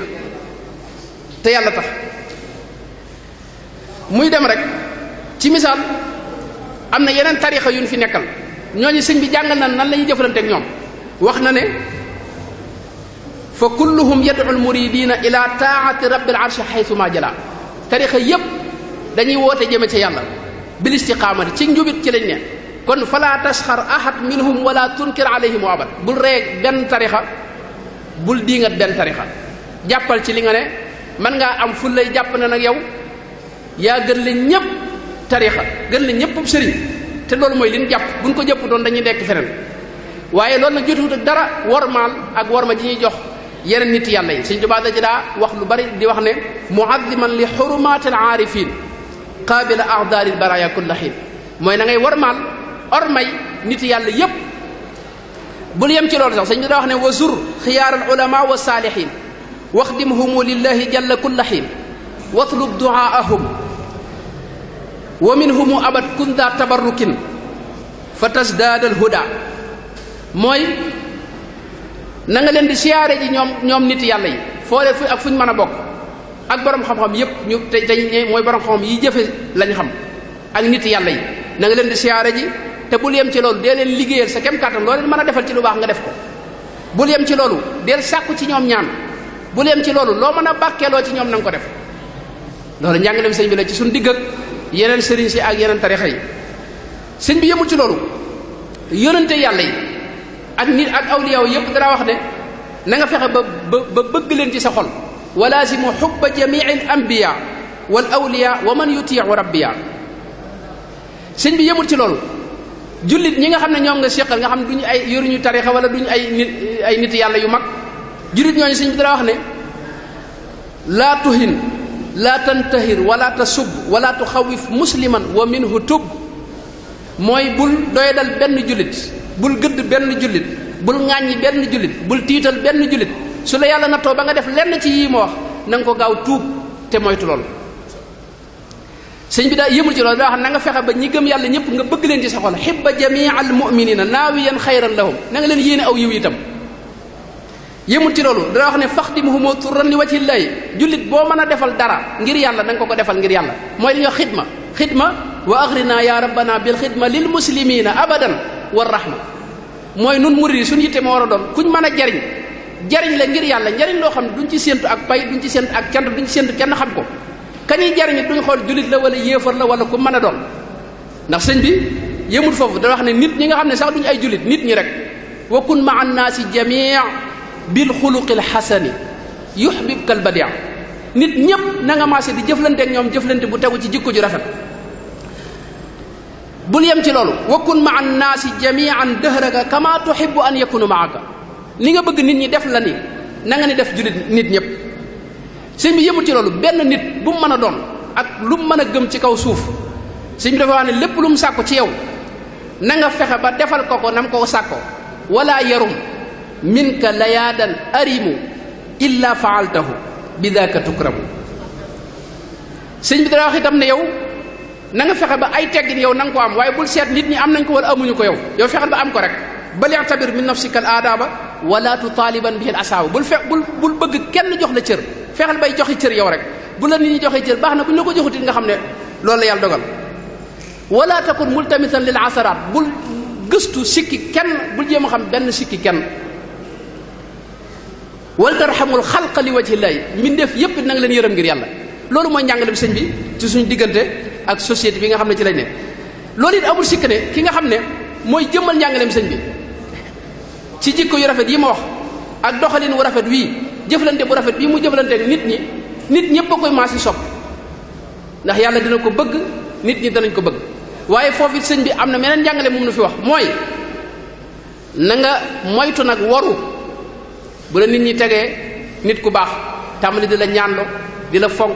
te yàlla tax muy dem rek ci misaal am na yeneen tarixa yu ñu fi nekkal ñooñu sëñ bi jàngal na nan lañuy ñuy ñoom wax na ne fa kulluhum yad'u al-muridina ila taa'ati rabbil arsh haythu ma jala tarixa yépp dañuy woote jëme ci yàlla bil istiqaamati ci njubit ci lañ ne kon fala tasxar ahad minhum wala tunkir alayhim abad bul ree benn tarixa bul diingat benn tarixa jàppal ci li nga ne mën ngaa am fu lay jàpp ne nag yow yaa gën li ñépp tarixa gën li ñépp sëriñ te loolu mooy liñ jàpp buñ ko jëpp doon dañuy nekk feneen waaye loolu nag jotuwut ak dara wormaal ak worma ji ñuy jox yeneen nit yàlla yi suñ da ci wax lu bari di wax ne muazziman li xurumaat al aarifin qaabila ahdaari l baraya kulla xiin war na ngay wormaal ormay nit yàlla yépp bul yem ci loolu sax suñ bi daa wax ne wa zur xiyaar al ulama wa saalihin waxdimhumu lillahi jalla kulla xiin watlub duaahum wa minhumu abad kun daa fa tasdaad al mooy nanga leen di siyaare ji ñoom ñoom nit yàlla yi foo leen fu ak fuñ mën a bokk ak borom xam-xam yépp ñu te te mooy borom xam-xam yi jëfe lañ xam ak nit yàlla yi na nga leen di siyaare ji te bul yem ci loolu dee leen liggéeyal sa kem kàttan loo leen mën a defal ci lu baax nga def ko bul yem ci loolu deel sàkku ci ñoom ñaan bul yem ci loolu loo mën a bàkkeeloo ci ñoom na ko def loolu njàngaleem sëñ bi la ci suñu digg ak yeneen sëriñ si ak yeneen tarixa sëñ bi yemul ci loolu yonente yàlla yi ak nit ak awliyaaw yëpp dara wax ne na nga fexe ba ba bëgg leen ci sa xol wa laasimu xubba jamii al anbiya wal awliya wa man yutiicu rabbiya sëñ bi yemul ci loolu jullit ñi nga xam ne ñoom nga seqal nga xam ne duñu ay yoruñu tarixa wala duñu ay nit ay nit yàlla yu mag jullit ñooñu sëñ bi dara wax ne laa tuhin laa tantahir wala tasub wala tuxawif musliman wa minhu tub mooy bul doy dal benn jullit bul gëdd benn jullit bul ŋàññi benn jullit bul tiital benn jullit su la yàlla nattoo ba nga def lenn ci yii ma wax na ko gaaw tuub te moytu lool sëñ bi daal yëmul ci loolu daa xam na fexe ba ñi gëm yàlla ñëpp nga bëgg leen ci sa xol xibba jamial muminina naawiyan xayran lahum na nga leen yéene aw yiw itam yëmul ci loolu dana wax ne faxdimuhumu turan li lay jullit boo mën a defal dara ngir yàlla na ko ko defal ngir yàlla mooy li ñuy wax xidma xidma wa axrina ya rabbana bil xidma lil muslimina abadan war rahma mooy nun murid yi suñu yitte moo war a doon kuñ mën a jariñ jariñ la ngir yàlla njariñ loo xam ne duñ ci séentu ak pay duñ ci séentu ak cant duñ ci séentu kenn xam ko kañuy jariñ duñ xool jullit la wala yéefar la wala ku mën a doon ndax sëñ bi yëmul foofu da wax ne nit ñi nga xam ne sax duñ ay jullit nit ñi rek wa kun ma annaasi jamii bil xuluqil xasani yuxbibkal am nit ñépp na nga maase di jëflante ñoom jëflante bu tegu ci jikko ju rafet bu yem ci loolu wa kun ma an naasi jamian dëhraka kama tuhibu an yakunu maaka li nga bëgg nit ñi def la ni nanga ni def jullit nit ñëpp sëñ bi yëmul ci loolu benn nit bu mu mën a doon ak lu mu mën a gëm ci kaw suuf sëñ bi dafa wax ne lépp lu mu sàkku ci yow nanga fexe ba defal ko ko nam ko sàkko wala yarum minka layaadan arimu illa faaltahu bi daaka tukramu sëñ bi dara wax ne yow nanga fexe ba ay teggin yow na ko am waaye bul seet nit ñi am nañ ko wala amuñu ko yow yow fexeel ba am ko rek balir tabir min nafsika al aadaaba wala tutaaliban bi al asaaba bul fe bul bul bëgg kenn jox la cër fexeel bay joxe cër yow rek bu la nit ñi joxee cër baax na ku ñu la ko joxutit nga xam ne loolu la yàlla dogal wala kon multamisan lil asaraat bul gëstu sikki kenn bul jéem a xam benn sikki kenn wal tarhamul xalqa li wajhillahi mbindeef yépp na leen yërëm ngir yàlla loolu mooy njàngale sëñ bi ci suñu diggante ak société bi nga xam ne ci lañ ne loolu it amul sikk ne ki nga xam ne mooy jëmmal njàngaleem sëñ bi ci jikko yu rafet yi ma wax ak doxalin wu rafet wii jëflante bu rafet bi mu jëflanteek nit ñi nit ñëpp a koy maasi sopp ndax yàlla dina ko bëgg nit ñi danañ ko bëgg waaye foofu sëñ bi am na meneen njàngale moom nu fi wax mooy na nga moytu nag waru bu la nit ñi tegee nit ku baax tàmbali di la ñaanlo di la fonk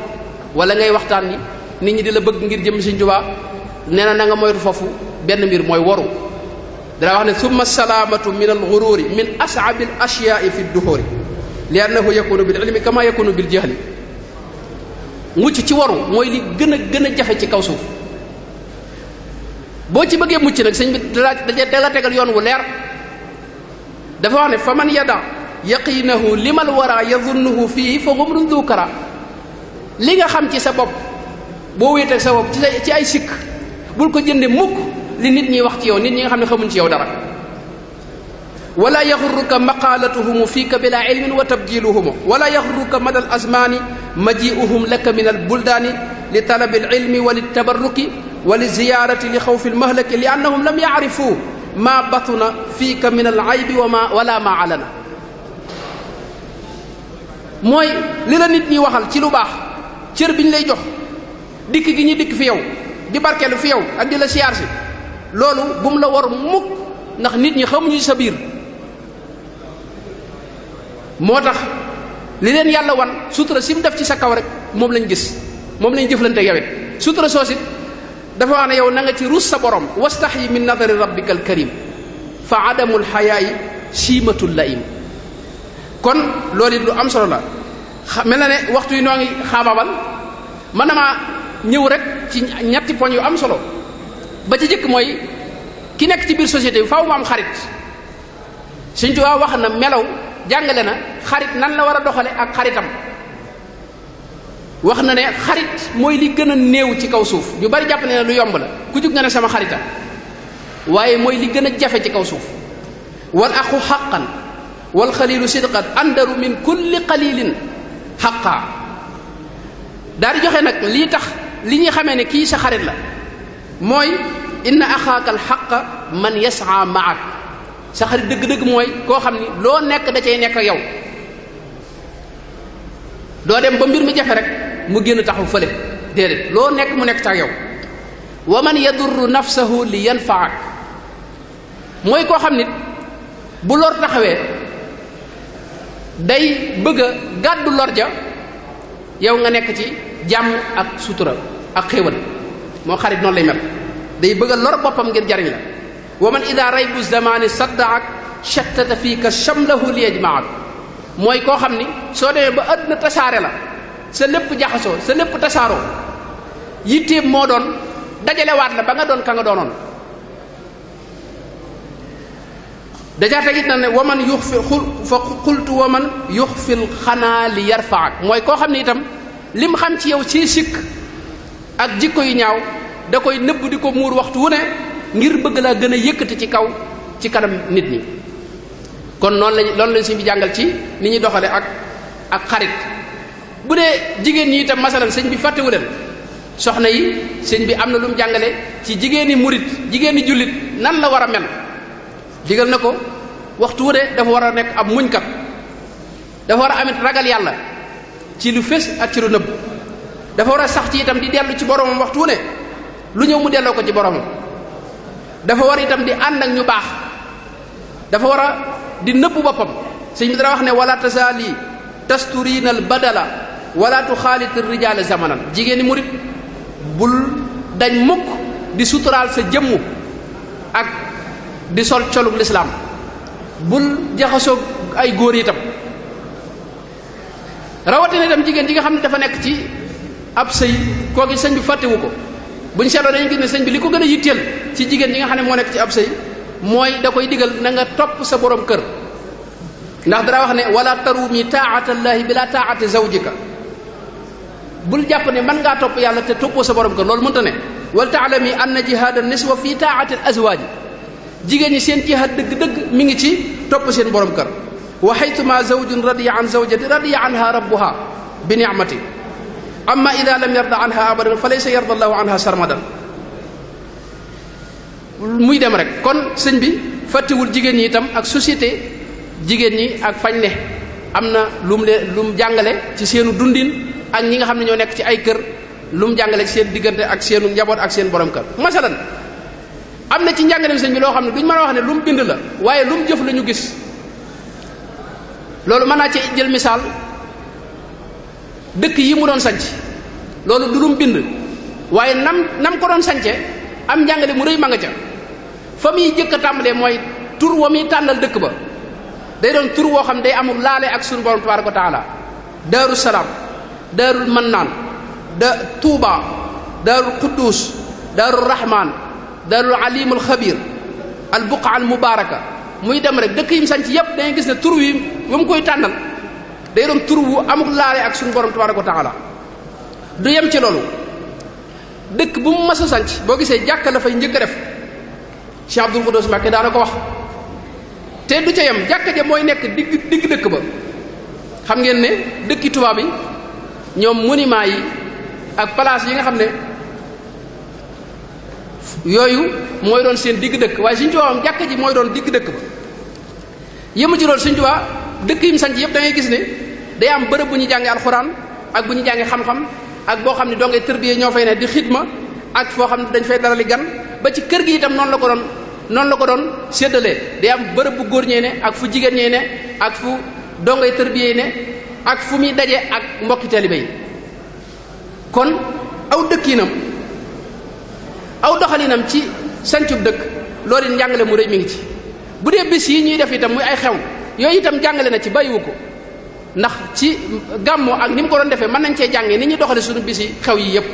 wala ngay waxtaan ni nit ñi di bëgg ngir jëm Sëriñ Tuubaa nee na na nga moytu foofu benn mbir mooy waru dana wax ne summa salaamatu min al gururi min asaabi al ashyaai fi duhuri li annahu yakunu bil ilmi kama yakunu bil jahli mucc ci waru mooy li gën a jafe ci kaw suuf boo ci bëggee mucc nag sëñ bi da la tegal yoon wu leer dafa wax ne fa man yada yaqiinahu limal wara yazunnuhu fii fa gumrun dukara li nga xam ci sa bopp boo wéeteeg sa ci ay sikk bul ko jënde mukk li nit ñi wax ci yow nit ñi nga xam ne xamuñ ci yow dara wala yaxurruka maqaalatuhumu fiika bila ilmin wa tabjiluhumu wala yaxurruka mada al asmaani majiuhum laka min al buldaani li talabi al ilmi wa liltabarruki wa li ziyaarati li xawfi lam yacrifuu maa batuna fiika min al aybi wa ma alana mooy li la nit ñi waxal ci lu baax cër biñ lay jox dikk gi ñu dikk fi yow di barkeelu fi yow ak di la siyaar si loolu bu mu la war mukk ndax nit ñi xamuñu sa biir moo tax li leen yàlla wan sutura si mu def ci sa kaw rek moom lañ gis moom lañ jëflante yow it sutura soos dafa wax ne yow na nga ci ruus sa borom wastaxyi min nadari rabbika al karim fa adamul xayaayi siimatul laim kon loolu it lu am solo la mel na ne waxtu yi noo ngi xaababal man na maa ñëw rek ci ñetti poñ yu am solo ba ci jëkk mooy ki nekk ci biir société bi faaw mu am xarit Sëriñ Tuubaa wax na melaw jàngale na xarit nan la war a doxale ak xaritam wax na ne xarit mooy li gën a néew ci kaw suuf ñu bari jàpp ne lu yomb la ku jug nga ne sama xaritam waaye mooy li gën a jafe ci kaw suuf wal aqu xaqan wal xalilu sidqan andaru min kulli qalilin xaqaa daal di joxe nag lii tax li ñu xamee ne kii sa xarit la mooy inna axaaka alxaqa man yasaa maak sa xarit dëgg-dëgg mooy koo xam ni loo nekk da cay nekk yow doo dem ba mbir mi jafe rek mu génn taxaw fële déedéet loo nekk mu nekk ca yow wa man yadurru nafsahu li yanfaak mooy koo xam nit bu lor taxawee day bëgg a gàddu lor ja yow nga nekk ci jàmm ak sutura ak xéewal moo xarit noonu lay mel day bëgg a lor boppam ngir jariñ la wa man ida raybu zamani saddaak shattata fiika shamlahu li yajmaak mooy koo xam ni soo demee ba àdduna tasaare la sa lépp jaxasoo sa lépp tasaaroo yitteem moo doon dajalewaat la ba nga doon kanga nga doonoon dèjà tegit na ne waman yux fi xul fa xultu waman yux xanaa li yar yarfaak mooy koo xam ne itam lim xam ci yow ci sikk ak jikko yu ñaaw da koy nëbb di ko muur waxtu wu ne ngir bëgg laa gën a yëkkati ci kaw ci kanam nit ñi kon noonu lañu loolu lañ suñ bi jàngal ci ni ñuy doxale ak ak xarit bu dee jigéen ñi itam masalan sëñ bi fàttewu leen soxna yi sëñ bi am na lu mu jàngale ci jigéeni murit jigéeni jullit nan la war a mel digal na ko waxtu wu ne dafa war a nekk am muñkat dafa war a amit ragal yàlla ci lu fés ak ci lu nëbb dafa war a sax ci itam di dellu ci boromam waxtu ne lu ñëw mu delloo ko ci boromam dafa war itam di ànd ak ñu baax dafa war a di nëbbu boppam sëñ bi dara wax ne wala tasaali tasturina al badala wala tuxaalit rijaala zamanan jigéeni murit bul dañ mukk di suturaal sa jëmm ak di sol colug lislaam bul jaxasoo ay góor itam rawatina itam jigéen ji nga xam ne dafa nekk ci ab sëy koo gi sëñ bi fàttewu ko buñ seetloo dañu gis ne sëñ bi li ko gën a yitteel ci jigéen ñi nga xam ne moo nekk ci ab sëy mooy da koy digal na nga topp sa borom kër ndax dara wax ne wala tarumi taatallaahi bi la taati zawjika bul jàpp ne man ngaa topp yàlla te toppoo sa borom kër loolu mënta ne wal taalami anna jihaada niswa fii taati al azwaaj jigéen ñi seen jihaad dëgg-dëgg mi ngi ci topp seen borom kër wa xaytuma zawjun radiya an zawjati radiya anha rabbuha bi ni'mati amma ida lam yarda anha abadan fa laysa yarda allahu anha sarmadan muy dem rek kon sëñ bi fàttewul jigéen ñi itam ak societé jigéen ñi ak fañ ne am na lu mu leen lu mu jàngale ci seenu dundin ak ñi nga xam ne ñoo nekk ci ay kër lu mu jàngale ci seen diggante ak seenu njaboot ak seen borom kër masalan am na ci njàngaleem sëñ bi loo xam ne duñ mën a wax ne lu mu bind la waaye lu mu jëf la ñu gis loolu mën naa ci jël misaal dëkk yi mu doon sanc loolu du lum bind waaye nam nam ko doon sance am njàngale mu rëy ma nga ca fa muy jëkk a tàmbalee mooy tur woo muy tànnal dëkk ba day doon tur woo xam day amul laale ak sunu borom tabaraka wa taala daaru salaam daarul mannaan da tuuba daarul quddus daarul rahman daarul alimul xabir al buqa al mubaraka muy dem rek dëkk yi mu sanc yépp dangay gis ne tur wi ba koy tànnal day doon tur wu amul laale ak suñu borom tabaraka ko taala du yem ci loolu dëkk bu mu mas a sanc boo gisee jàkk la fay njëkk def Cheikh Abdoul Khoudoss Mbacké ko wax te du ca yem jàkka mooy nekk digg digg dëkk ba xam ngeen ne dëkki tubaab yi ñoom yi ak place yi nga xam ne yooyu mooy doon seen digg dëkk waaye Sëriñ Tuubaa am ji mooy doon digg dëkk ba yëmu ci loolu Sëriñ Tuubaa dëkk yi mu sanc yëpp dangay gis ne day am bërëb bu ñu jàngee alxuraan ak bu ñu jàngee xam-xam ak boo xam ne dongay tërbiyee ñoo fay ne di xidma ak foo xam ne dañ fay dalali gan ba ci kër gi itam noonu la ko doon noonu la ko doon séddalee day am bërëb bu góor ñee ne ak fu jigéen ñee ne ak fu dongay tërbiyee ne ak fu muy daje ak mbokki taalibe yi kon aw nam aw nam ci sancub dëkk loolu njàngale mu rëy mi ngi ci bu dee bis yi ñuy def itam muy ay xew yooyu itam jàngale na ci bàyyiwu ko ndax ci gàmmu ak ni mu ko doon defee mën nañ cee jàngee ni ñuy doxale sunu bisi xew yi yépp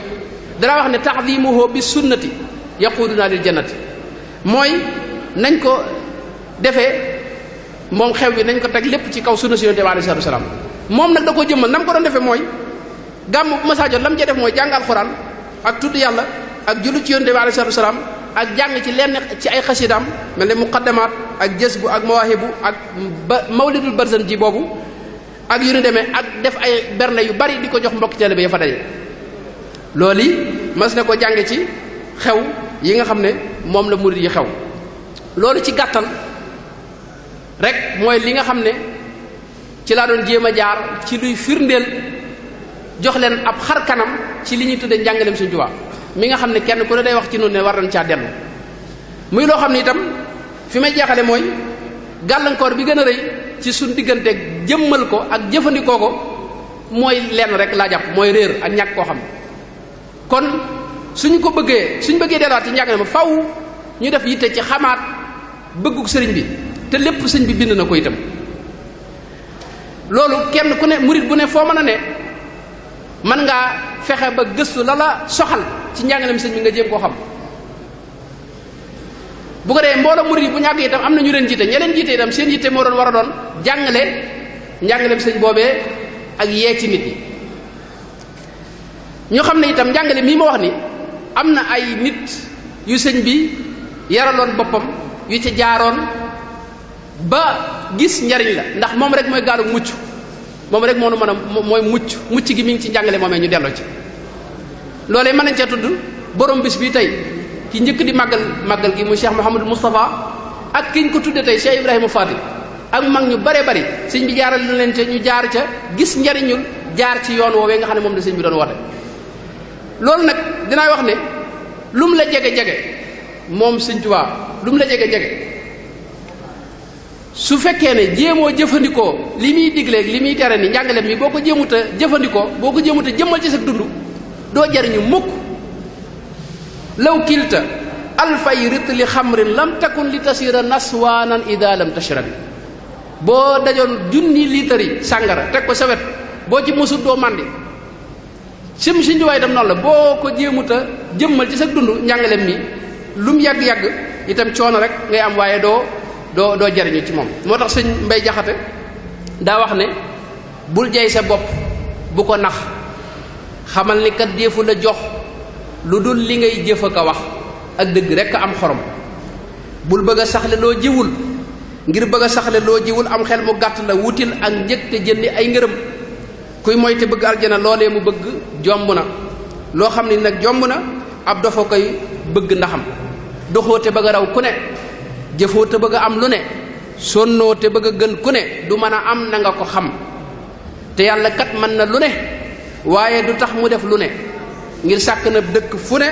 danaa wax ne taxdimuhu bi sunnati yaquduna lil janati mooy nañ ko defee moom xew bi nañ ko teg lépp ci kaw sunna si yonte bi salaam moom nag da ko jëmmal na mu ko doon defee mooy gàmm bu ma saa jot def mooy jàng alxuraan ak tudd yàlla ak jullu ci yonte bi alei salaam ak jàng ci lenn ci ay xasidaam mel ne muqaddamaat ak jës bu ak bu ak ba mawlidul barzan ji boobu ak yu ñu demee ak def ay berne yu bari di ko jox mbokki taalibe ya fa daje loolu yi mas ko jànge ci xew yi nga xam ne moom la murid yi xew loolu ci gàttal rek mooy li nga xam ne ci laa doon jéem a jaar ci luy firndeel jox leen ab xar kanam ci li ñuy tudde njàngaleem Sëriñ Tuubaa mi nga xam ne kenn ku ne day wax ci noonu ne war nañ caa dellu muy loo xam ne itam fi may jeexale mooy gàllankoor bi gën a rëy ci suñ diggante jëmmal ko ak jëfandikoo ko mooy lenn rek laa jàpp mooy réer ak ñàkk koo xam kon suñu ko bëggee suñu bëggee delluwaat ci njàng ma faw ñu def yitte ci xamaat bëggug sëriñ bi te lépp sëñ bi bind na ko itam loolu kenn ku ne murit bu ne foo mën a ne mën ngaa fexe ba gëstu la la soxal ci njàngaleem sëñ bi nga jéem koo xam bu ko dee mbooloo mur yi bu ñàkk itam am na ñu leen jiite ña leen jiite itam seen yitte moo doon war a doon jàngale njàngaleem sëñ boobee ak yee ci nit ñi ñu xam ne itam njàngale mii ma wax ni am na ay nit yu sëñ bi yaraloon boppam yu ci jaaroon ba gis njariñ la ndax moom rek mooy gaalu mucc moom rek moo nu mën a mooy mucc mucc gi mi ci njàngale moomee ñu delloo ci loolee mën nañ cee tudd borom bis bii tey ki njëkk di màggal màggal gi muy Cheikh Mouhamadul Moustapha ak kiñ ko tudde tey Cheikh Ibrahima Fati ak mag ñu bare bari sëñ bi jaaral na leen ca ñu jaar ca gis njariñul jaar ci yoon woowee nga xam ne moom la sëñ bi doon woote loolu nag dinaa wax ne lu mu la jege-jege moom sëñ Tuubaa lu mu la jege-jege su fekkee ne jéemoo jëfandikoo li muy digleeg li muy tere ni njàngale mi boo ko jéemut a jëfandikoo boo ko jéemut a jëmmal ci sa dund doo jariñu mukk law kilta alfay ritli xamrin lam takun li tasira naswaanan ida lam tashrabi boo dajoon junni liitar sàngara teg ko sa wet boo ci musut doo màndi sim si njuwaay itam noonu la boo ko jéemuta jëmmal ci sa dund njàngalem mi lu mu yàgg-yàgg itam coono rek ngay am waaye doo doo doo jariñu ci moom moo tax sëñ mbay jaxate daa wax ne bul jay sa bopp bu ko nax xamal ni kat déefu la jox lu dul li ngay jëf ak a wax ak dëgg rekk am xorom bul bëgg a saxle loo jiwul ngir bëgg a saxle loo jiwul am xel mu gàtt la wutil ak njëg te jëndi ay ngërëm kuy mooy te bëgg aljana loolee mu bëgg jomb na loo xam ne nag jomb na ab dafa koy bëgg ndaxam doxoo te bëgg a raw ku ne jëfoo te bëgg a am lu ne sonnoo te bëgg a gën ku ne du mën a am na nga ko xam te yàlla kat mën na lu ne waaye du tax mu def lu ne ngir sàkk na dëkk fu ne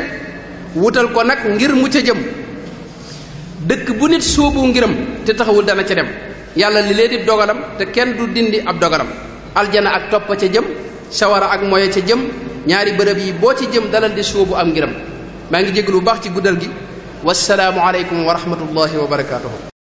wutal ko nag ngir mu ca jëm dëkk bu nit suubu ngiram te taxawul dana ca dem yàlla li leen di dogalam te kenn du dindi ab dogalam aljana ak toppa ca jëm sawara ak moya ca jëm ñaari bërëb yi boo ci jëm dalal di suubu am ngiram maa ngi jéglu bu baax ci guddal gi wasalaamu aleykum wa rahmatullahi wa barakaatuhu